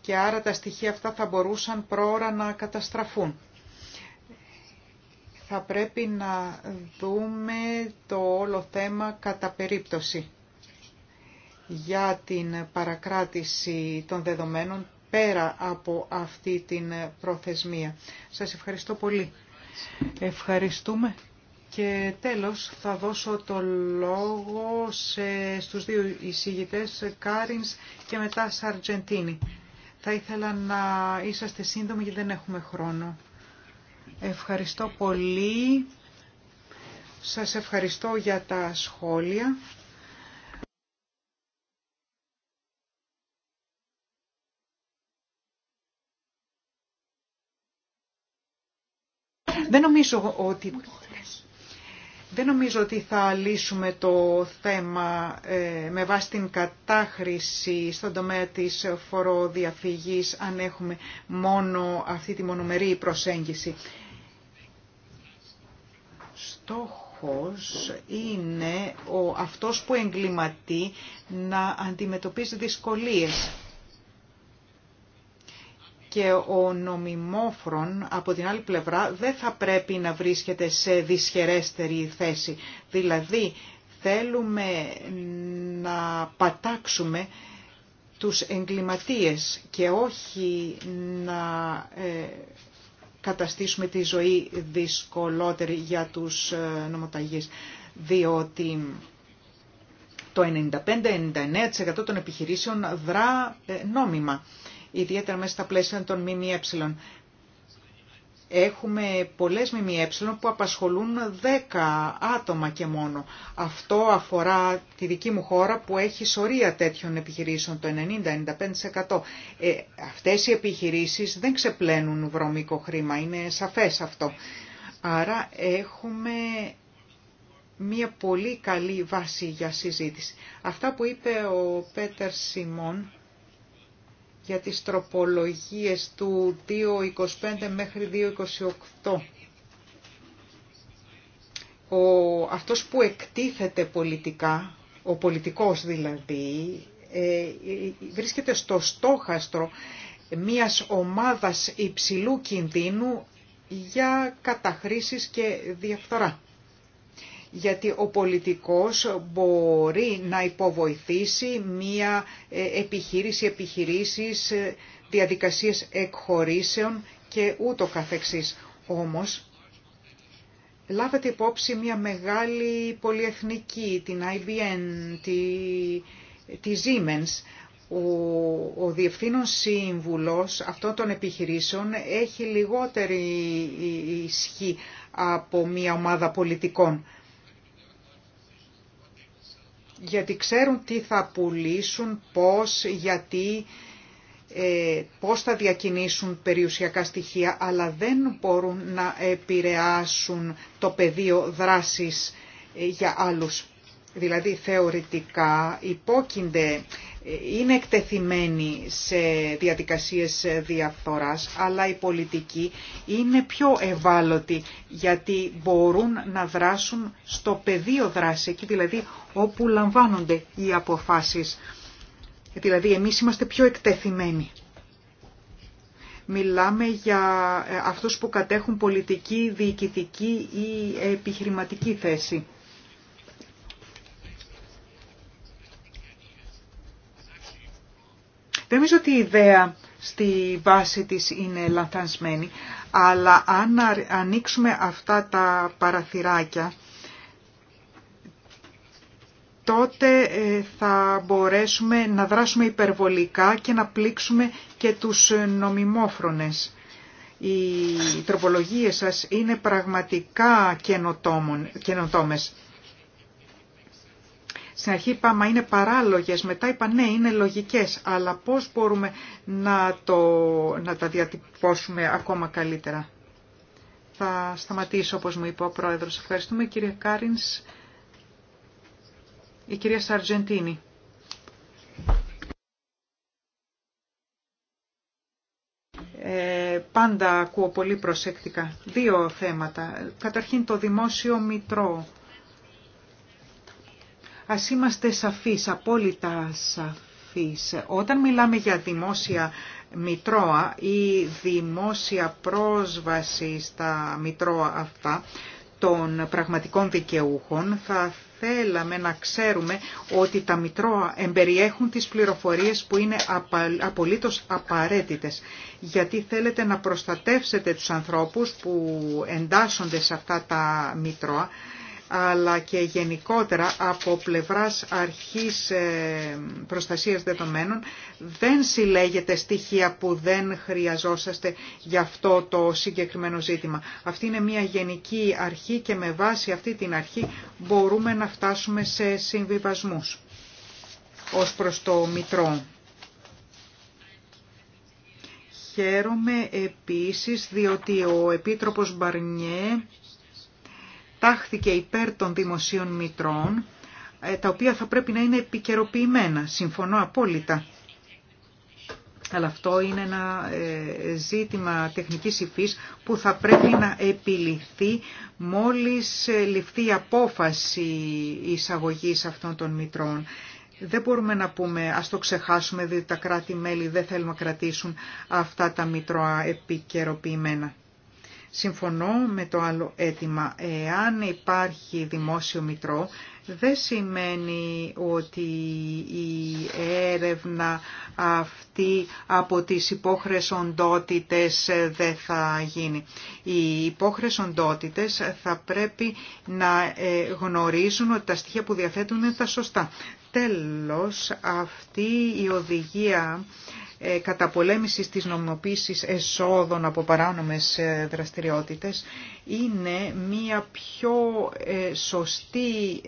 Και άρα τα στοιχεία αυτά θα μπορούσαν πρόωρα να καταστραφούν. Θα πρέπει να δούμε το όλο θέμα κατά περίπτωση για την παρακράτηση των δεδομένων πέρα από αυτή την προθεσμία. Σας ευχαριστώ πολύ. Ευχαριστούμε. Και τέλος θα δώσω το λόγο σε, στους δύο εισηγητές, Κάρινς και μετά Σαρτζεντίνη. Θα ήθελα να είσαστε σύντομοι γιατί δεν έχουμε χρόνο. Ευχαριστώ πολύ. Σας ευχαριστώ για τα σχόλια. Δεν νομίζω ότι... Δεν νομίζω ότι θα λύσουμε το θέμα ε, με βάση την κατάχρηση στον τομέα της φοροδιαφυγής αν έχουμε μόνο αυτή τη μονομερή προσέγγιση. Στόχος είναι ο, αυτός που εγκληματεί να αντιμετωπίζει δυσκολίες και ο νομιμόφρον από την άλλη πλευρά δεν θα πρέπει να βρίσκεται σε δυσχερέστερη θέση. Δηλαδή θέλουμε να πατάξουμε τους εγκληματίες και όχι να ε, καταστήσουμε τη ζωή δυσκολότερη για τους ε, νομοταγείς. Διότι το 95-99% των επιχειρήσεων δρά ε, νόμιμα ιδιαίτερα μέσα στα πλαίσια των ΜΜΕ. Έχουμε πολλές ΜΜΕ που απασχολούν 10 άτομα και μόνο. Αυτό αφορά τη δική μου χώρα που έχει σωρία τέτοιων επιχειρήσεων, το 90-95%. Ε, αυτές οι επιχειρήσεις δεν ξεπλένουν βρωμικό χρήμα, είναι σαφές αυτό. Άρα έχουμε μια πολύ καλή βάση για συζήτηση. Αυτά που είπε ο Πέτερ Σιμών για τις τροπολογίες του 2.25 μέχρι 2.28. Ο, αυτός που εκτίθεται πολιτικά, ο πολιτικός δηλαδή, ε, βρίσκεται στο στόχαστρο μιας ομάδας υψηλού κινδύνου για καταχρήσεις και διαφθορά γιατί ο πολιτικός μπορεί να υποβοηθήσει μία ε, επιχείρηση, επιχειρήσεις, ε, διαδικασίες εκχωρήσεων και ούτω καθεξής. Όμως, λάβετε υπόψη μία μεγάλη πολυεθνική, την IBM, τη, τη Siemens, ο, ο διευθύνων σύμβουλος αυτών των επιχειρήσεων έχει λιγότερη ε, ισχύ από μια ομάδα πολιτικών γιατί ξέρουν τι θα πουλήσουν, πώς, γιατί, ε, πώς θα διακινήσουν περιουσιακά στοιχεία, αλλά δεν μπορούν να επηρεάσουν το πεδίο δράσης ε, για άλλους. Δηλαδή θεωρητικά υπόκεινται είναι εκτεθειμένοι σε διαδικασίες διαφθοράς, αλλά η πολιτική είναι πιο ευάλωτοι γιατί μπορούν να δράσουν στο πεδίο δράση, εκεί δηλαδή όπου λαμβάνονται οι αποφάσεις. Δηλαδή εμείς είμαστε πιο εκτεθειμένοι. Μιλάμε για ε, αυτούς που κατέχουν πολιτική, διοικητική ή επιχειρηματική θέση. Δεν νομίζω ότι η ιδέα στη βάση της είναι λαθανσμένη, αλλά αν ανοίξουμε αυτά τα παραθυράκια, τότε ε, θα μπορέσουμε να δράσουμε υπερβολικά και να πλήξουμε και τους νομιμόφρονες. Οι τροπολογίες σας είναι πραγματικά καινοτόμες. Στην αρχή είπα, είναι παράλογες, μετά είπα ναι είναι λογικές, αλλά πώς μπορούμε να, να τα διατυπώσουμε ακόμα καλύτερα. Θα σταματήσω όπως μου είπε ο Πρόεδρος. Ευχαριστούμε κυρία Κάρινς, η κυρία Σαρτζεντίνη. Ε, πάντα ακούω πολύ προσεκτικά δύο θέματα. Καταρχήν το δημόσιο μητρό. Ας είμαστε σαφείς, απόλυτα σαφείς. Όταν μιλάμε για δημόσια μητρώα ή δημόσια πρόσβαση στα μητρώα αυτά των πραγματικών δικαιούχων, θα θέλαμε να ξέρουμε ότι τα μητρώα εμπεριέχουν τις πληροφορίες που είναι απολύτως απαραίτητες. Γιατί θέλετε να προστατεύσετε τους ανθρώπους που εντάσσονται σε αυτά τα μητρώα αλλά και γενικότερα από πλευράς αρχής ε, προστασίας δεδομένων δεν συλλέγεται στοιχεία που δεν χρειαζόσαστε για αυτό το συγκεκριμένο ζήτημα. Αυτή είναι μια γενική αρχή και με βάση αυτή την αρχή μπορούμε να φτάσουμε σε συμβιβασμούς ως προς το Μητρό. Χαίρομαι επίσης διότι ο Επίτροπος Μπαρνιέ τάχθηκε υπέρ των δημοσίων μητρών, ε, τα οποία θα πρέπει να είναι επικαιροποιημένα. Συμφωνώ απόλυτα. Αλλά αυτό είναι ένα ε, ζήτημα τεχνικής υφής που θα πρέπει να επιληθεί μόλις ε, ληφθεί η απόφαση εισαγωγής αυτών των μητρών. Δεν μπορούμε να πούμε ας το ξεχάσουμε διότι τα κράτη-μέλη δεν θέλουν να κρατήσουν αυτά τα μητρώα επικαιροποιημένα. Συμφωνώ με το άλλο αίτημα. Εάν υπάρχει δημόσιο μητρό, δεν σημαίνει ότι η έρευνα αυτή από τις υπόχρες οντότητες δεν θα γίνει. Οι υπόχρες οντότητες θα πρέπει να ε, γνωρίζουν ότι τα στοιχεία που διαθέτουν είναι τα σωστά. Τέλος, αυτή η οδηγία ε, καταπολέμησης της νομιμοποίησης εσόδων από παράνομες ε, δραστηριότητες είναι μία πιο ε, σωστή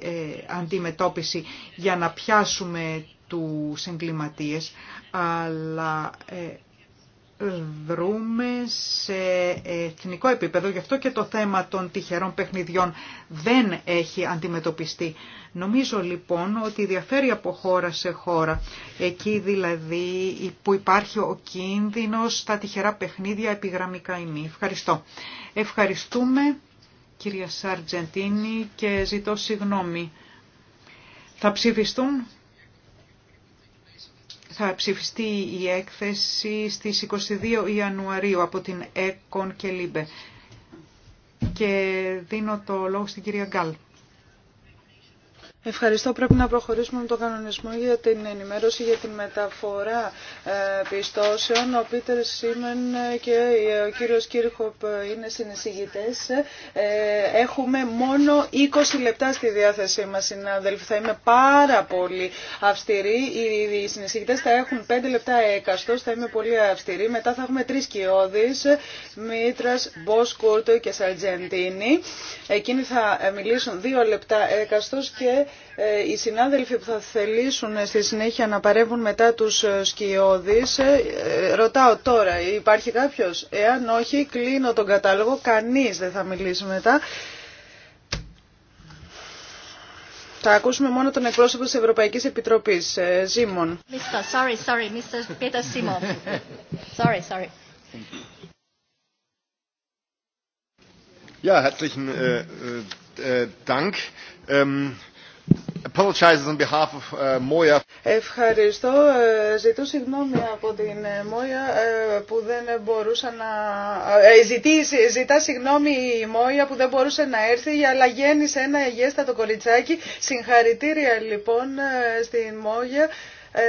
αντιμετώπιση για να πιάσουμε τους εγκληματίες, αλλά δρούμε σε εθνικό επίπεδο, γι' αυτό και το θέμα των τυχερών παιχνιδιών δεν έχει αντιμετωπιστεί. Νομίζω λοιπόν ότι διαφέρει από χώρα σε χώρα, εκεί δηλαδή που υπάρχει ο κίνδυνος στα τυχερά παιχνίδια επιγραμμικά ή Ευχαριστώ. Ευχαριστούμε κυρία Σαρτζεντίνη και ζητώ συγγνώμη. Θα ψηφιστούν θα ψηφιστεί η έκθεση στις 22 Ιανουαρίου από την ΕΚΟΝ και ΛΥΜΠΕ. Και δίνω το λόγο στην κυρία Γκάλ. Ευχαριστώ. Πρέπει να προχωρήσουμε με τον κανονισμό για την ενημέρωση για την μεταφορά ε, πιστώσεων. Ο Πίτερ Σίμεν και ο κύριος Κύρχοπ είναι συνεισηγητές. Ε, έχουμε μόνο 20 λεπτά στη διάθεσή μας, συνάδελφοι. Θα είμαι πάρα πολύ αυστηρή. Οι συνεισηγητές θα έχουν 5 λεπτά έκαστος. Θα είμαι πολύ αυστηρή. Μετά θα έχουμε τρεις κοιόδης, Μήτρας, Μποσκούρτο και Σαρτζεντίνη. Εκείνοι θα μιλήσουν 2 λεπτά έκαστος και ε, οι συνάδελφοι που θα θελήσουν στη συνέχεια να παρεύουν μετά τους ε, σκιώδεις, ε, ρωτάω τώρα, υπάρχει κάποιος. Εάν όχι, κλείνω τον κατάλογο, κανείς δεν θα μιλήσει μετά. Θα ακούσουμε μόνο τον εκπρόσωπο της Ευρωπαϊκής Επιτροπής, Ζήμων. Sorry, sorry, Mr. Peter Simon. Sorry, sorry. Ja, herzlichen äh, äh, ähm, Uh, Ευχαριστώ. Ε, ζητώ συγγνώμη από την ε, Μόια ε, που δεν μπορούσα να... ζητά συγγνώμη η Μόια που δεν μπορούσε να έρθει αλλά γέννησε ένα υγιέστατο κοριτσάκι. Συγχαρητήρια λοιπόν στην Μόια.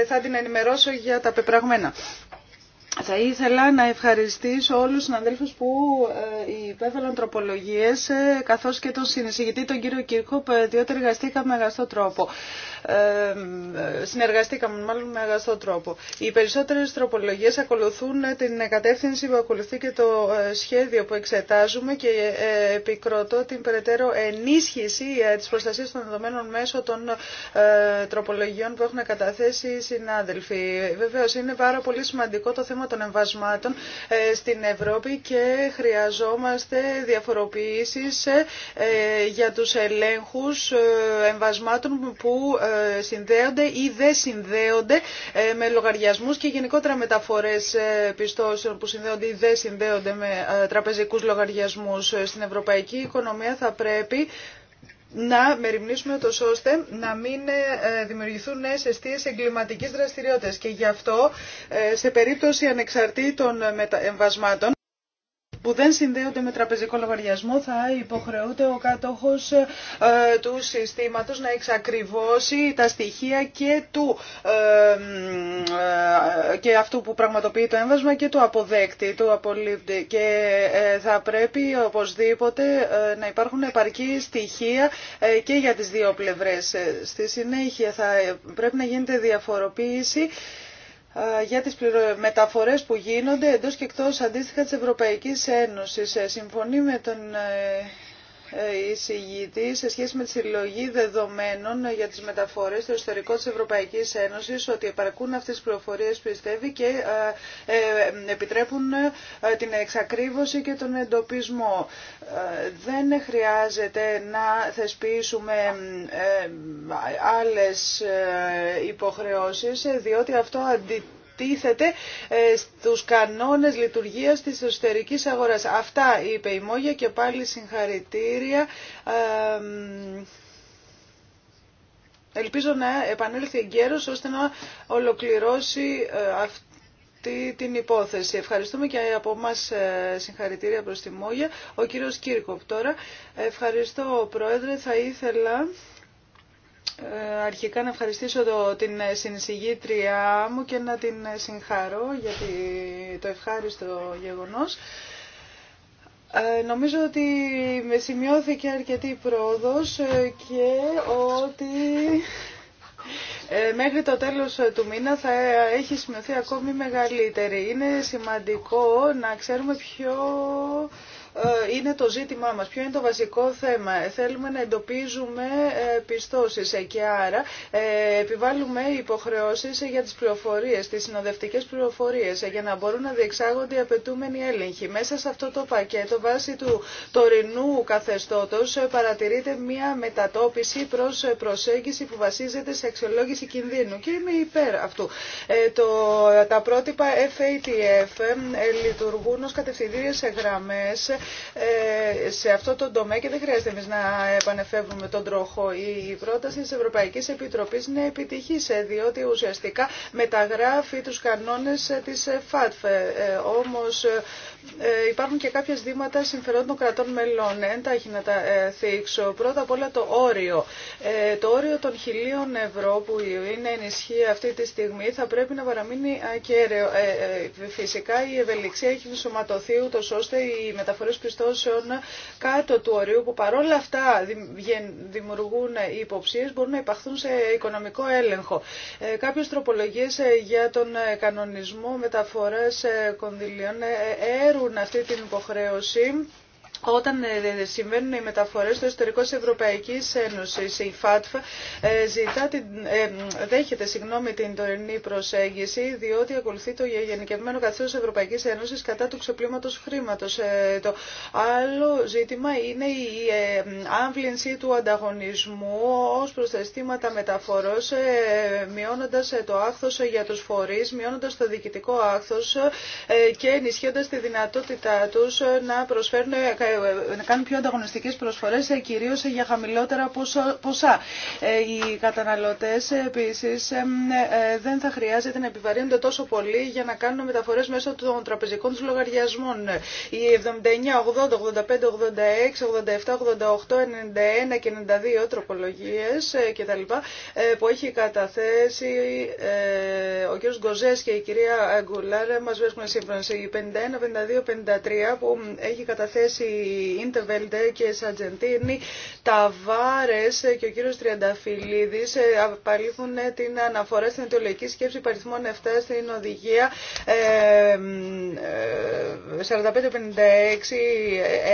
Θα την ενημερώσω για τα πεπραγμένα. Θα ήθελα να ευχαριστήσω όλους τους συναδέλφους που ε, υπέβαλαν τροπολογίες, ε, καθώς και τον συνεισηγητή, τον κύριο Κύρκο, ε, διότι εργαστήκαμε με αγαστό τρόπο. Ε, συνεργαστήκαμε μάλλον με αγαστό τρόπο. Οι περισσότερες τροπολογίες ακολουθούν την κατεύθυνση που ακολουθεί και το σχέδιο που εξετάζουμε και επικροτώ την περαιτέρω ενίσχυση της προστασίας των δεδομένων μέσω των τροπολογιών που έχουν καταθέσει οι συνάδελφοι. Βεβαίω, είναι πάρα πολύ σημαντικό το θέμα των εμβασμάτων ε, στην Ευρώπη και χρειαζόμαστε διαφοροποιήσεις ε, ε, για τους ελέγχους εμβασμάτων που συνδέονται ή δεν συνδέονται με λογαριασμούς και γενικότερα μεταφορές πιστώσεων που συνδέονται ή δεν συνδέονται με τραπεζικούς λογαριασμούς στην ευρωπαϊκή οικονομία θα πρέπει να μεριμνήσουμε τόσο ώστε να μην ε, δημιουργηθούν νέε αιστείες εγκληματικής δραστηριότητας και γι' αυτό ε, σε περίπτωση ανεξαρτήτων εμβασμάτων που δεν συνδέονται με τραπεζικό λογαριασμό θα υποχρεούται ο κάτοχος ε, του συστήματος να εξακριβώσει τα στοιχεία και, του, ε, ε, και αυτού που πραγματοποιεί το έμβασμα και του αποδέκτη, του απολύπτη και ε, θα πρέπει οπωσδήποτε να υπάρχουν επαρκή στοιχεία και για τις δύο πλευρές. Στη συνέχεια θα πρέπει να γίνεται διαφοροποίηση ε, για τις μεταφορές που γίνονται εντός και εκτός αντίστοιχα της Ευρωπαϊκής Ένωσης. Ε, συμφωνεί με τον ε, ε, εισηγητή σε σχέση με τη συλλογή δεδομένων για τις μεταφορές στο ιστορικό της Ευρωπαϊκής Ένωσης ότι επαρκούν αυτές τις πληροφορίες πιστεύει και ε, ε, επιτρέπουν την εξακρίβωση και τον εντοπισμό. Δεν χρειάζεται να θεσπίσουμε άλλες υποχρεώσεις διότι αυτό αντι Στου ε, στους κανόνες λειτουργίας της εσωτερικής αγοράς. Αυτά είπε η Μόγια και πάλι συγχαρητήρια. Ε, ελπίζω να επανέλθει εγκαίρως ώστε να ολοκληρώσει ε, αυτή την υπόθεση. Ευχαριστούμε και από εμά συγχαρητήρια προς τη Μόγια. Ο κύριος Κύρκοπ τώρα. Ευχαριστώ Πρόεδρε. Θα ήθελα ε, αρχικά να ευχαριστήσω την συνεισηγήτριά μου και να την συγχαρώ για το ευχάριστο γεγονός. Ε, νομίζω ότι με σημειώθηκε αρκετή πρόοδος ε, και ότι μέχρι το τέλος του μήνα θα έχει σημειωθεί ακόμη μεγαλύτερη. Είναι σημαντικό να ξέρουμε ποιο ε, είναι το ζήτημά μας, ποιο είναι το βασικό θέμα. Ε, θέλουμε να εντοπίζουμε ε, πιστώσεις και άρα επιβάλλουμε υποχρεώσεις για τις πληροφορίες, τις συνοδευτικές πληροφορίες για να μπορούν να διεξάγονται οι απαιτούμενοι έλεγχοι. Μέσα σε αυτό το πακέτο βάσει του τωρινού καθεστώτος παρατηρείται μια μετατόπιση προς προσέγγιση που βασίζεται σε αξιολόγηση κινδύνου και είμαι υπέρ αυτού. το, τα πρότυπα FATF λειτουργούν ως σε γραμμές ε, σε αυτό το τομέα και δεν χρειάζεται εμεί να επανεφεύγουμε τον τροχό. Η πρόταση τη Ευρωπαϊκή Επιτροπή είναι επιτυχή, ε, διότι ουσιαστικά μεταγράφει του κανόνε ε, τη ΦΑΤΦ. Όμω ε, υπάρχουν και κάποια ζητήματα συμφερόντων κρατών μελών. Ε, Εντάχει να τα ε, θίξω. Πρώτα απ' όλα το όριο. το όριο των χιλίων ευρώ που είναι ενισχύει αυτή τη στιγμή θα πρέπει να παραμείνει ακέραιο. φυσικά η ευελιξία έχει ενσωματωθεί ούτω ώστε οι μεταφορέ πιστώσεων κάτω του ορίου που παρόλα αυτά δημιουργούν υποψίε μπορούν να υπαχθούν σε οικονομικό έλεγχο. Ε, τροπολογίε τροπολογίες για τον κανονισμό ε, κονδυλίων αναφέρουν αυτή την υποχρέωση όταν ε, συμβαίνουν οι μεταφορές στο ιστορικό της Ευρωπαϊκής Ένωσης, η ΦΑΤΦ ε, ζητά την, ε, δέχεται συγγνώμη, την τωρινή προσέγγιση, διότι ακολουθεί το γενικευμένο καθεστώς της Ευρωπαϊκής Ένωσης κατά του ξεπλήματος χρήματος. το άλλο ζήτημα είναι η άμβλυνση του ανταγωνισμού ως προς τα αισθήματα μεταφορός, μειώνοντας το άχθος για τους φορείς, μειώνοντας το διοικητικό άχθος και ενισχύοντας τη δυνατότητά τους να προσφέρουν ε, να κάνουν πιο ανταγωνιστικές προσφορές ε, κυρίως ε, για χαμηλότερα ποσά. Οι καταναλωτές επίσης δεν θα χρειάζεται να επιβαρύνονται τόσο πολύ για να κάνουν μεταφορές μέσω των τραπεζικών τους λογαριασμών. Οι 79, 80, 85, 86, 87, 88, 91 και 92 τροπολογίες κτλ. που έχει καταθέσει ο κ. Γκοζές και η κυρία Γκουλάρα μας βρίσκουν σύμφωνα. σε 51, 52, 53 που έχει καταθέσει Ιντεβελντε και Σατζεντίνη, Ταβάρε και ο κύριος Τριανταφυλλίδη ε, απαλήθουν ε, την αναφορά στην αιτιολογική σκέψη παριθμών 7 στην οδηγία 4556 ε,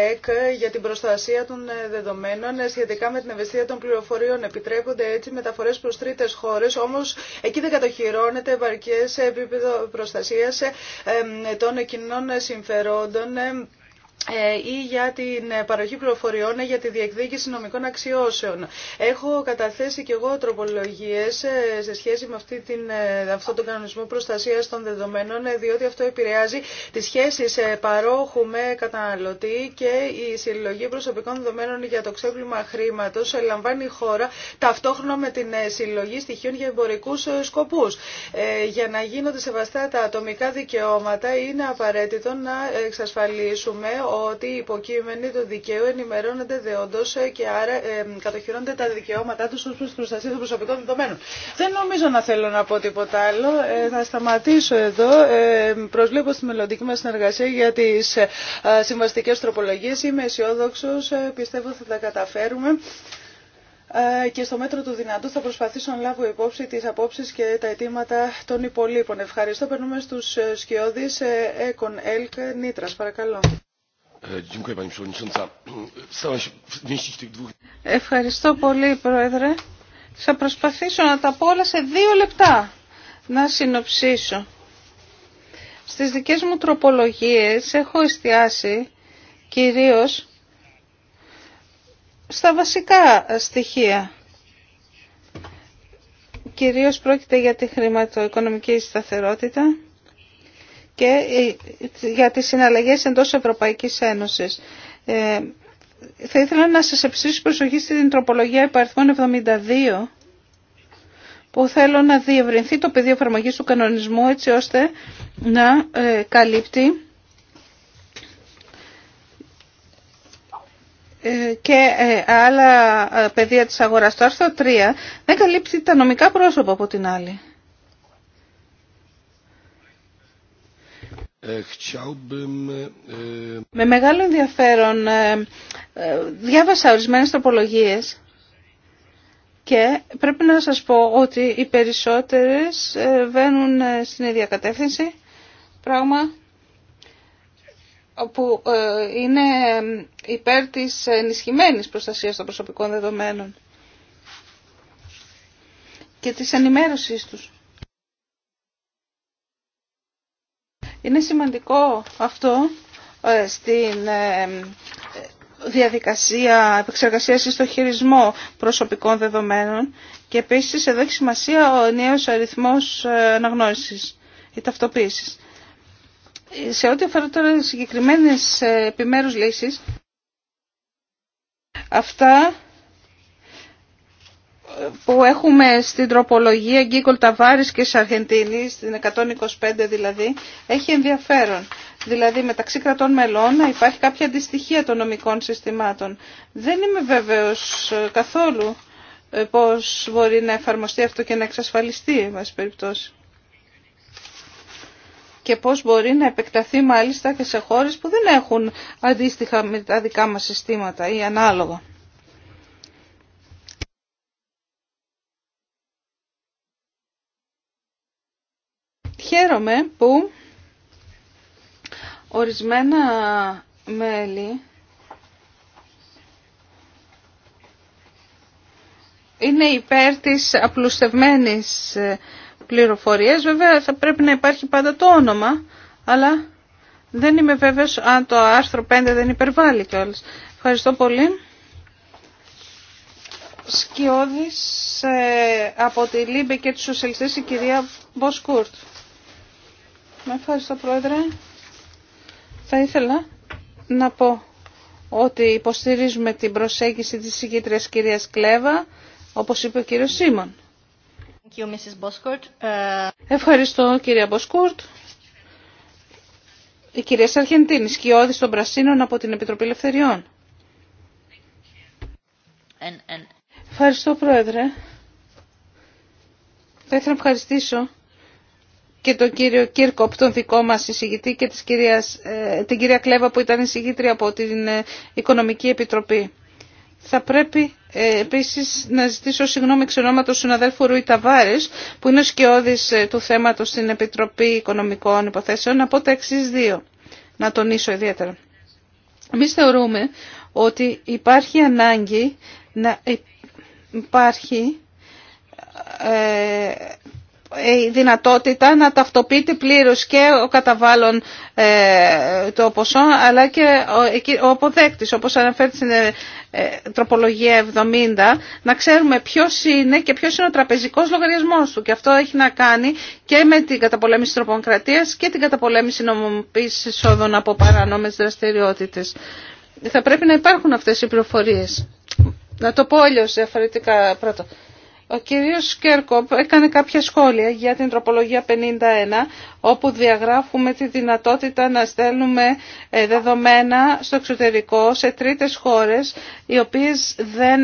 ΕΚ για την προστασία των δεδομένων σχετικά με την ευαισθησία των πληροφοριών. Επιτρέπονται έτσι μεταφορές προς τρίτες χώρες, όμως εκεί δεν κατοχυρώνεται επαρκέ επίπεδο προστασία των κοινών συμφερόντων ε, ή για την παροχή πληροφοριών για τη διεκδίκηση νομικών αξιώσεων. Έχω καταθέσει και εγώ τροπολογίες ε, σε σχέση με αυτή την, ε, αυτό τον κανονισμό προστασίας των δεδομένων, διότι αυτό επηρεάζει τις σχέσεις παρόχου με καταναλωτή και η συλλογή προσωπικών δεδομένων για το ξέπλυμα χρήματος λαμβάνει η χώρα ταυτόχρονα με την συλλογή στοιχείων για εμπορικούς σκοπούς. Για να γίνονται σεβαστά τα ατομικά δικαιώματα είναι απαραίτητο να εξασφαλίσουμε ότι οι υποκείμενοι του δικαίου ενημερώνονται δεόντω ε, και άρα ε, κατοχυρώνονται τα δικαιώματά του ω προ την προστασία των προσωπικών δεδομένων. Δεν νομίζω να θέλω να πω τίποτα άλλο. Ε, θα σταματήσω εδώ. Ε, προσβλέπω στη μελλοντική μα συνεργασία για τι ε, συμβαστικέ τροπολογίε. Είμαι αισιόδοξο. πιστεύω θα τα καταφέρουμε και στο μέτρο του δυνατού θα προσπαθήσω να λάβω υπόψη τις απόψεις και τα αιτήματα των υπολείπων. Ευχαριστώ. Περνούμε στους σκιώδεις Έκον Έλκ Νίτρας. Παρακαλώ. E, Ευχαριστώ πολύ, Πρόεδρε. Θα προσπαθήσω να τα πω όλα σε δύο λεπτά, να συνοψίσω. Στις δικές μου τροπολογίες έχω εστιάσει κυρίως στα βασικά στοιχεία. Κυρίως πρόκειται για τη χρηματοοικονομική σταθερότητα και ε, για τις συναλλαγές εντός Ευρωπαϊκής Ένωσης. Ε, θα ήθελα να σας εψίσω προσοχή στην τροπολογία υπαρθμών 72 που θέλω να διευρυνθεί το πεδίο εφαρμογή του κανονισμού έτσι ώστε να ε, καλύπτει ε, και ε, άλλα πεδία της αγοράς. Το άρθρο 3 δεν καλύπτει τα νομικά πρόσωπα από την άλλη. Ε, ε, Με μεγάλο ενδιαφέρον ε, διάβασα ορισμένες τροπολογίες και πρέπει να σας πω ότι οι περισσότερες βαίνουν στην ίδια κατεύθυνση, πράγμα που είναι υπέρ της ενισχυμένης προστασίας των προσωπικών δεδομένων και της ενημέρωσής τους. Είναι σημαντικό αυτό ε, στην ε, διαδικασία επεξεργασίας ή στο χειρισμό προσωπικών δεδομένων και επίσης εδώ έχει σημασία ο νέος αριθμός ε, αναγνώρισης ή ταυτοποίησης. Σε ό,τι αφορά τώρα συγκεκριμένες επιμέρους λύσεις, αυτά που έχουμε στην τροπολογία Γκίκολ Ταβάρης και Αργεντίνης στην 125 δηλαδή, έχει ενδιαφέρον. Δηλαδή μεταξύ κρατών μελών να υπάρχει κάποια αντιστοιχεία των νομικών συστημάτων. Δεν είμαι βέβαιος ε, καθόλου ε, πώς μπορεί να εφαρμοστεί αυτό και να εξασφαλιστεί, μας περιπτώσει. Και πώς μπορεί να επεκταθεί μάλιστα και σε χώρες που δεν έχουν αντίστοιχα με τα δικά μας συστήματα ή ανάλογα. Χαίρομαι που ορισμένα μέλη είναι υπέρ της απλουστευμένης πληροφορίας. Βέβαια θα πρέπει να υπάρχει πάντα το όνομα, αλλά δεν είμαι βέβαιος αν το άρθρο 5 δεν υπερβάλλει κιόλας. Ευχαριστώ πολύ. Σκιώδης ε, από τη Λίμπε και τη σοσιαλιστές η κυρία Μποσκούρτ. Με ευχαριστώ Πρόεδρε. Θα ήθελα να πω ότι υποστηρίζουμε την προσέγγιση της συγκήτριας κυρίας Κλέβα, όπως είπε ο κύριος Σίμων. Ε, ευχαριστώ κυρία Μποσκούρτ. Η κυρία Σαρχεντίνη, σκιώδης των Πρασίνων από την Επιτροπή Ελευθεριών. Ευχαριστώ Πρόεδρε. Θα ήθελα να ευχαριστήσω και τον κύριο Κίρκοπ, τον δικό μας εισηγητή και της κυρίας, ε, την κυρία Κλέβα που ήταν εισηγήτρια από την ε, Οικονομική Επιτροπή. Θα πρέπει ε, επίσης να ζητήσω συγγνώμη εξ ονόματος του συναδέλφου Ρουί Ταβάρης, που είναι ο σκιώδης του θέματος στην Επιτροπή Οικονομικών Υποθέσεων, από τα εξή δύο, να τονίσω ιδιαίτερα. Εμεί θεωρούμε ότι υπάρχει ανάγκη να υπάρχει ε, η δυνατότητα να ταυτοποιείται πλήρως και ο καταβάλλον ε, το ποσό αλλά και ο αποδέκτης όπως αναφέρει στην ε, τροπολογία 70 να ξέρουμε ποιος είναι και ποιος είναι ο τραπεζικός λογαριασμός του και αυτό έχει να κάνει και με την καταπολέμηση τροποκρατίας και την καταπολέμηση νομοποίησης εισόδων από παρανόμες δραστηριότητες. Θα πρέπει να υπάρχουν αυτές οι πληροφορίες. Να το πω αλλιώς διαφορετικά πρώτα. Ο κύριος Κέρκοπ έκανε κάποια σχόλια για την τροπολογία 51, όπου διαγράφουμε τη δυνατότητα να στέλνουμε ε, δεδομένα στο εξωτερικό σε τρίτες χώρες, οι οποίες δεν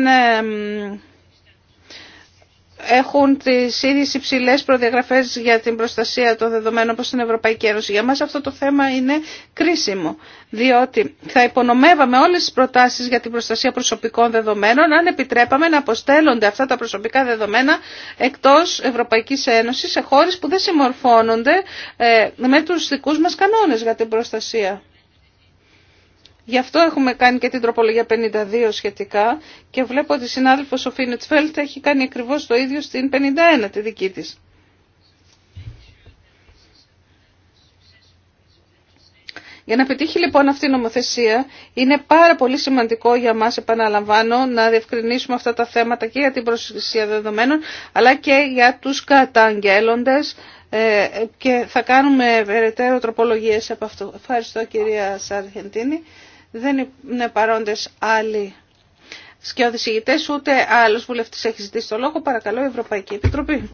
έχουν τις ίδιες υψηλές προδιαγραφές για την προστασία των δεδομένων όπως στην Ευρωπαϊκή Ένωση. Για μας αυτό το θέμα είναι κρίσιμο, διότι θα υπονομεύαμε όλες τις προτάσεις για την προστασία προσωπικών δεδομένων αν επιτρέπαμε να αποστέλλονται αυτά τα προσωπικά δεδομένα εκτός Ευρωπαϊκής ένωση σε χώρες που δεν συμμορφώνονται ε, με τους δικούς μας κανόνες για την προστασία. Γι' αυτό έχουμε κάνει και την τροπολογία 52 σχετικά και βλέπω ότι η συνάδελφος Σοφή Νετσφέλτ έχει κάνει ακριβώς το ίδιο στην 51 τη δική της. Για να πετύχει λοιπόν αυτή η νομοθεσία είναι πάρα πολύ σημαντικό για μας, επαναλαμβάνω, να διευκρινίσουμε αυτά τα θέματα και για την προστασία δεδομένων αλλά και για τους καταγγέλλοντες ε, και θα κάνουμε περαιτέρω τροπολογίες από αυτό. Ευχαριστώ κυρία Σαρχεντίνη. Δεν είναι παρόντες άλλοι σκιώδης ηγητές, ούτε άλλος βουλευτής έχει ζητήσει το λόγο. Παρακαλώ, Ευρωπαϊκή Επιτροπή.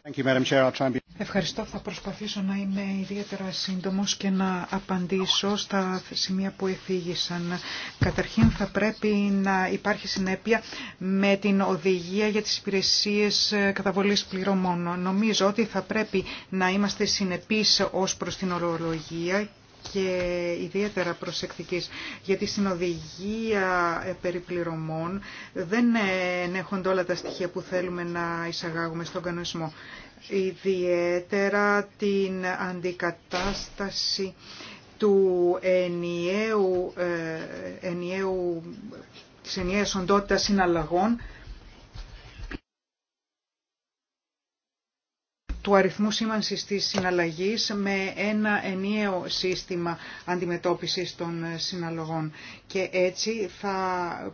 Ευχαριστώ. Θα προσπαθήσω να είμαι ιδιαίτερα σύντομος και να απαντήσω στα σημεία που εφήγησαν. Καταρχήν θα πρέπει να υπάρχει συνέπεια με την οδηγία για τις υπηρεσίες καταβολής πληρωμών. Νομίζω ότι θα πρέπει να είμαστε συνεπείς ως προς την ορολογία και ιδιαίτερα προσεκτικής, γιατί στην οδηγία ε, περιπληρωμών δεν ενέχονται όλα τα στοιχεία που θέλουμε να εισαγάγουμε στον κανονισμό. Ιδιαίτερα την αντικατάσταση του ενιαίου, ε, ενιαίου, της ενιαίας οντότητας συναλλαγών του αριθμού σήμανσης της συναλλαγής με ένα ενιαίο σύστημα αντιμετώπισης των συναλλογών. Και έτσι θα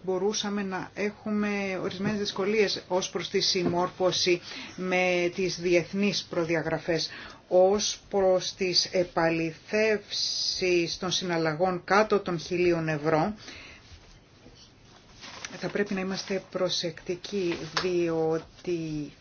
μπορούσαμε να έχουμε ορισμένες δυσκολίες ως προς τη συμμόρφωση με τις διεθνείς προδιαγραφές ως προς τις επαληθεύσεις των συναλλαγών κάτω των χιλίων ευρώ, θα πρέπει να είμαστε προσεκτικοί διότι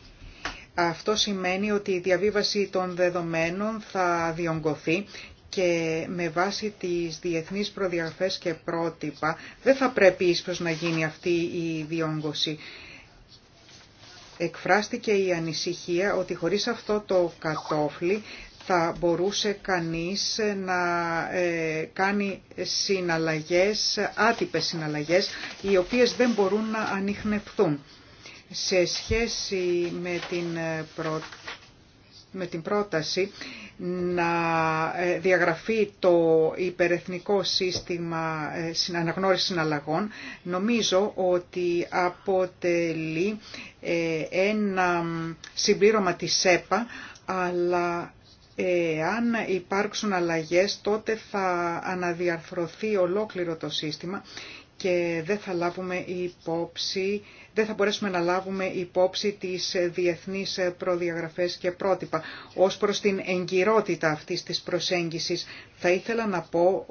αυτό σημαίνει ότι η διαβίβαση των δεδομένων θα διονγκωθεί και με βάση τις διεθνείς προδιαγραφές και πρότυπα δεν θα πρέπει ίσως να γίνει αυτή η διόγκωση. Εκφράστηκε η ανησυχία ότι χωρίς αυτό το κατόφλι θα μπορούσε κανείς να ε, κάνει συναλλαγές, άτυπες συναλλαγές, οι οποίες δεν μπορούν να ανοιχνευθούν σε σχέση με την, ε, προ... με την πρόταση να ε, διαγραφεί το υπερεθνικό σύστημα ε, αναγνώρισης συναλλαγών, νομίζω ότι αποτελεί ένα συμπλήρωμα της ΣΕΠΑ, αλλά αν υπάρξουν αλλαγές τότε θα αναδιαρθρωθεί ολόκληρο το σύστημα και δεν θα λάβουμε υπόψη δεν θα μπορέσουμε να λάβουμε υπόψη τις διεθνείς προδιαγραφές και πρότυπα. Ως προς την εγκυρότητα αυτής της προσέγγισης θα ήθελα να πω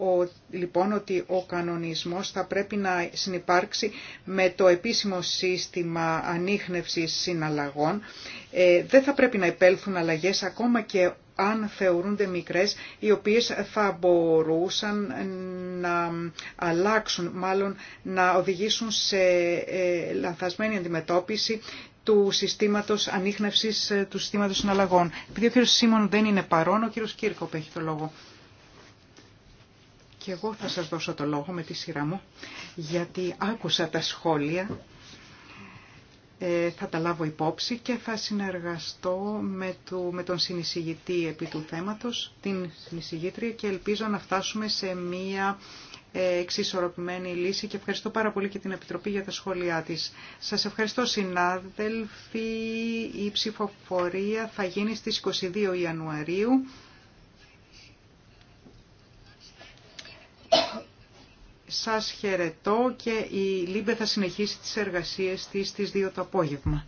λοιπόν ότι ο κανονισμός θα πρέπει να συνεπάρξει με το επίσημο σύστημα ανείχνευσης συναλλαγών. Ε, δεν θα πρέπει να υπέλθουν αλλαγές ακόμα και αν θεωρούνται μικρές, οι οποίες θα μπορούσαν να αλλάξουν, μάλλον να οδηγήσουν σε ε, λανθασμένη αντιμετώπιση του συστήματος ανείχνευσης ε, του συστήματος συναλλαγών. Επειδή ο κύριος Σίμων δεν είναι παρόν, ο κύριος που έχει το λόγο. Και εγώ θα σας δώσω το λόγο με τη σειρά μου, γιατί άκουσα τα σχόλια ε, θα τα λάβω υπόψη και θα συνεργαστώ με, με τον συνεισηγητή επί του θέματος, την συνεισηγήτρια και ελπίζω να φτάσουμε σε μία ε, εξισορροπημένη λύση και ευχαριστώ πάρα πολύ και την Επιτροπή για τα σχόλιά της. Σας ευχαριστώ συνάδελφοι. Η ψηφοφορία θα γίνει στις 22 Ιανουαρίου. Σας χαιρετώ και η Λίμπε θα συνεχίσει τις εργασίες της στις 2 το απόγευμα.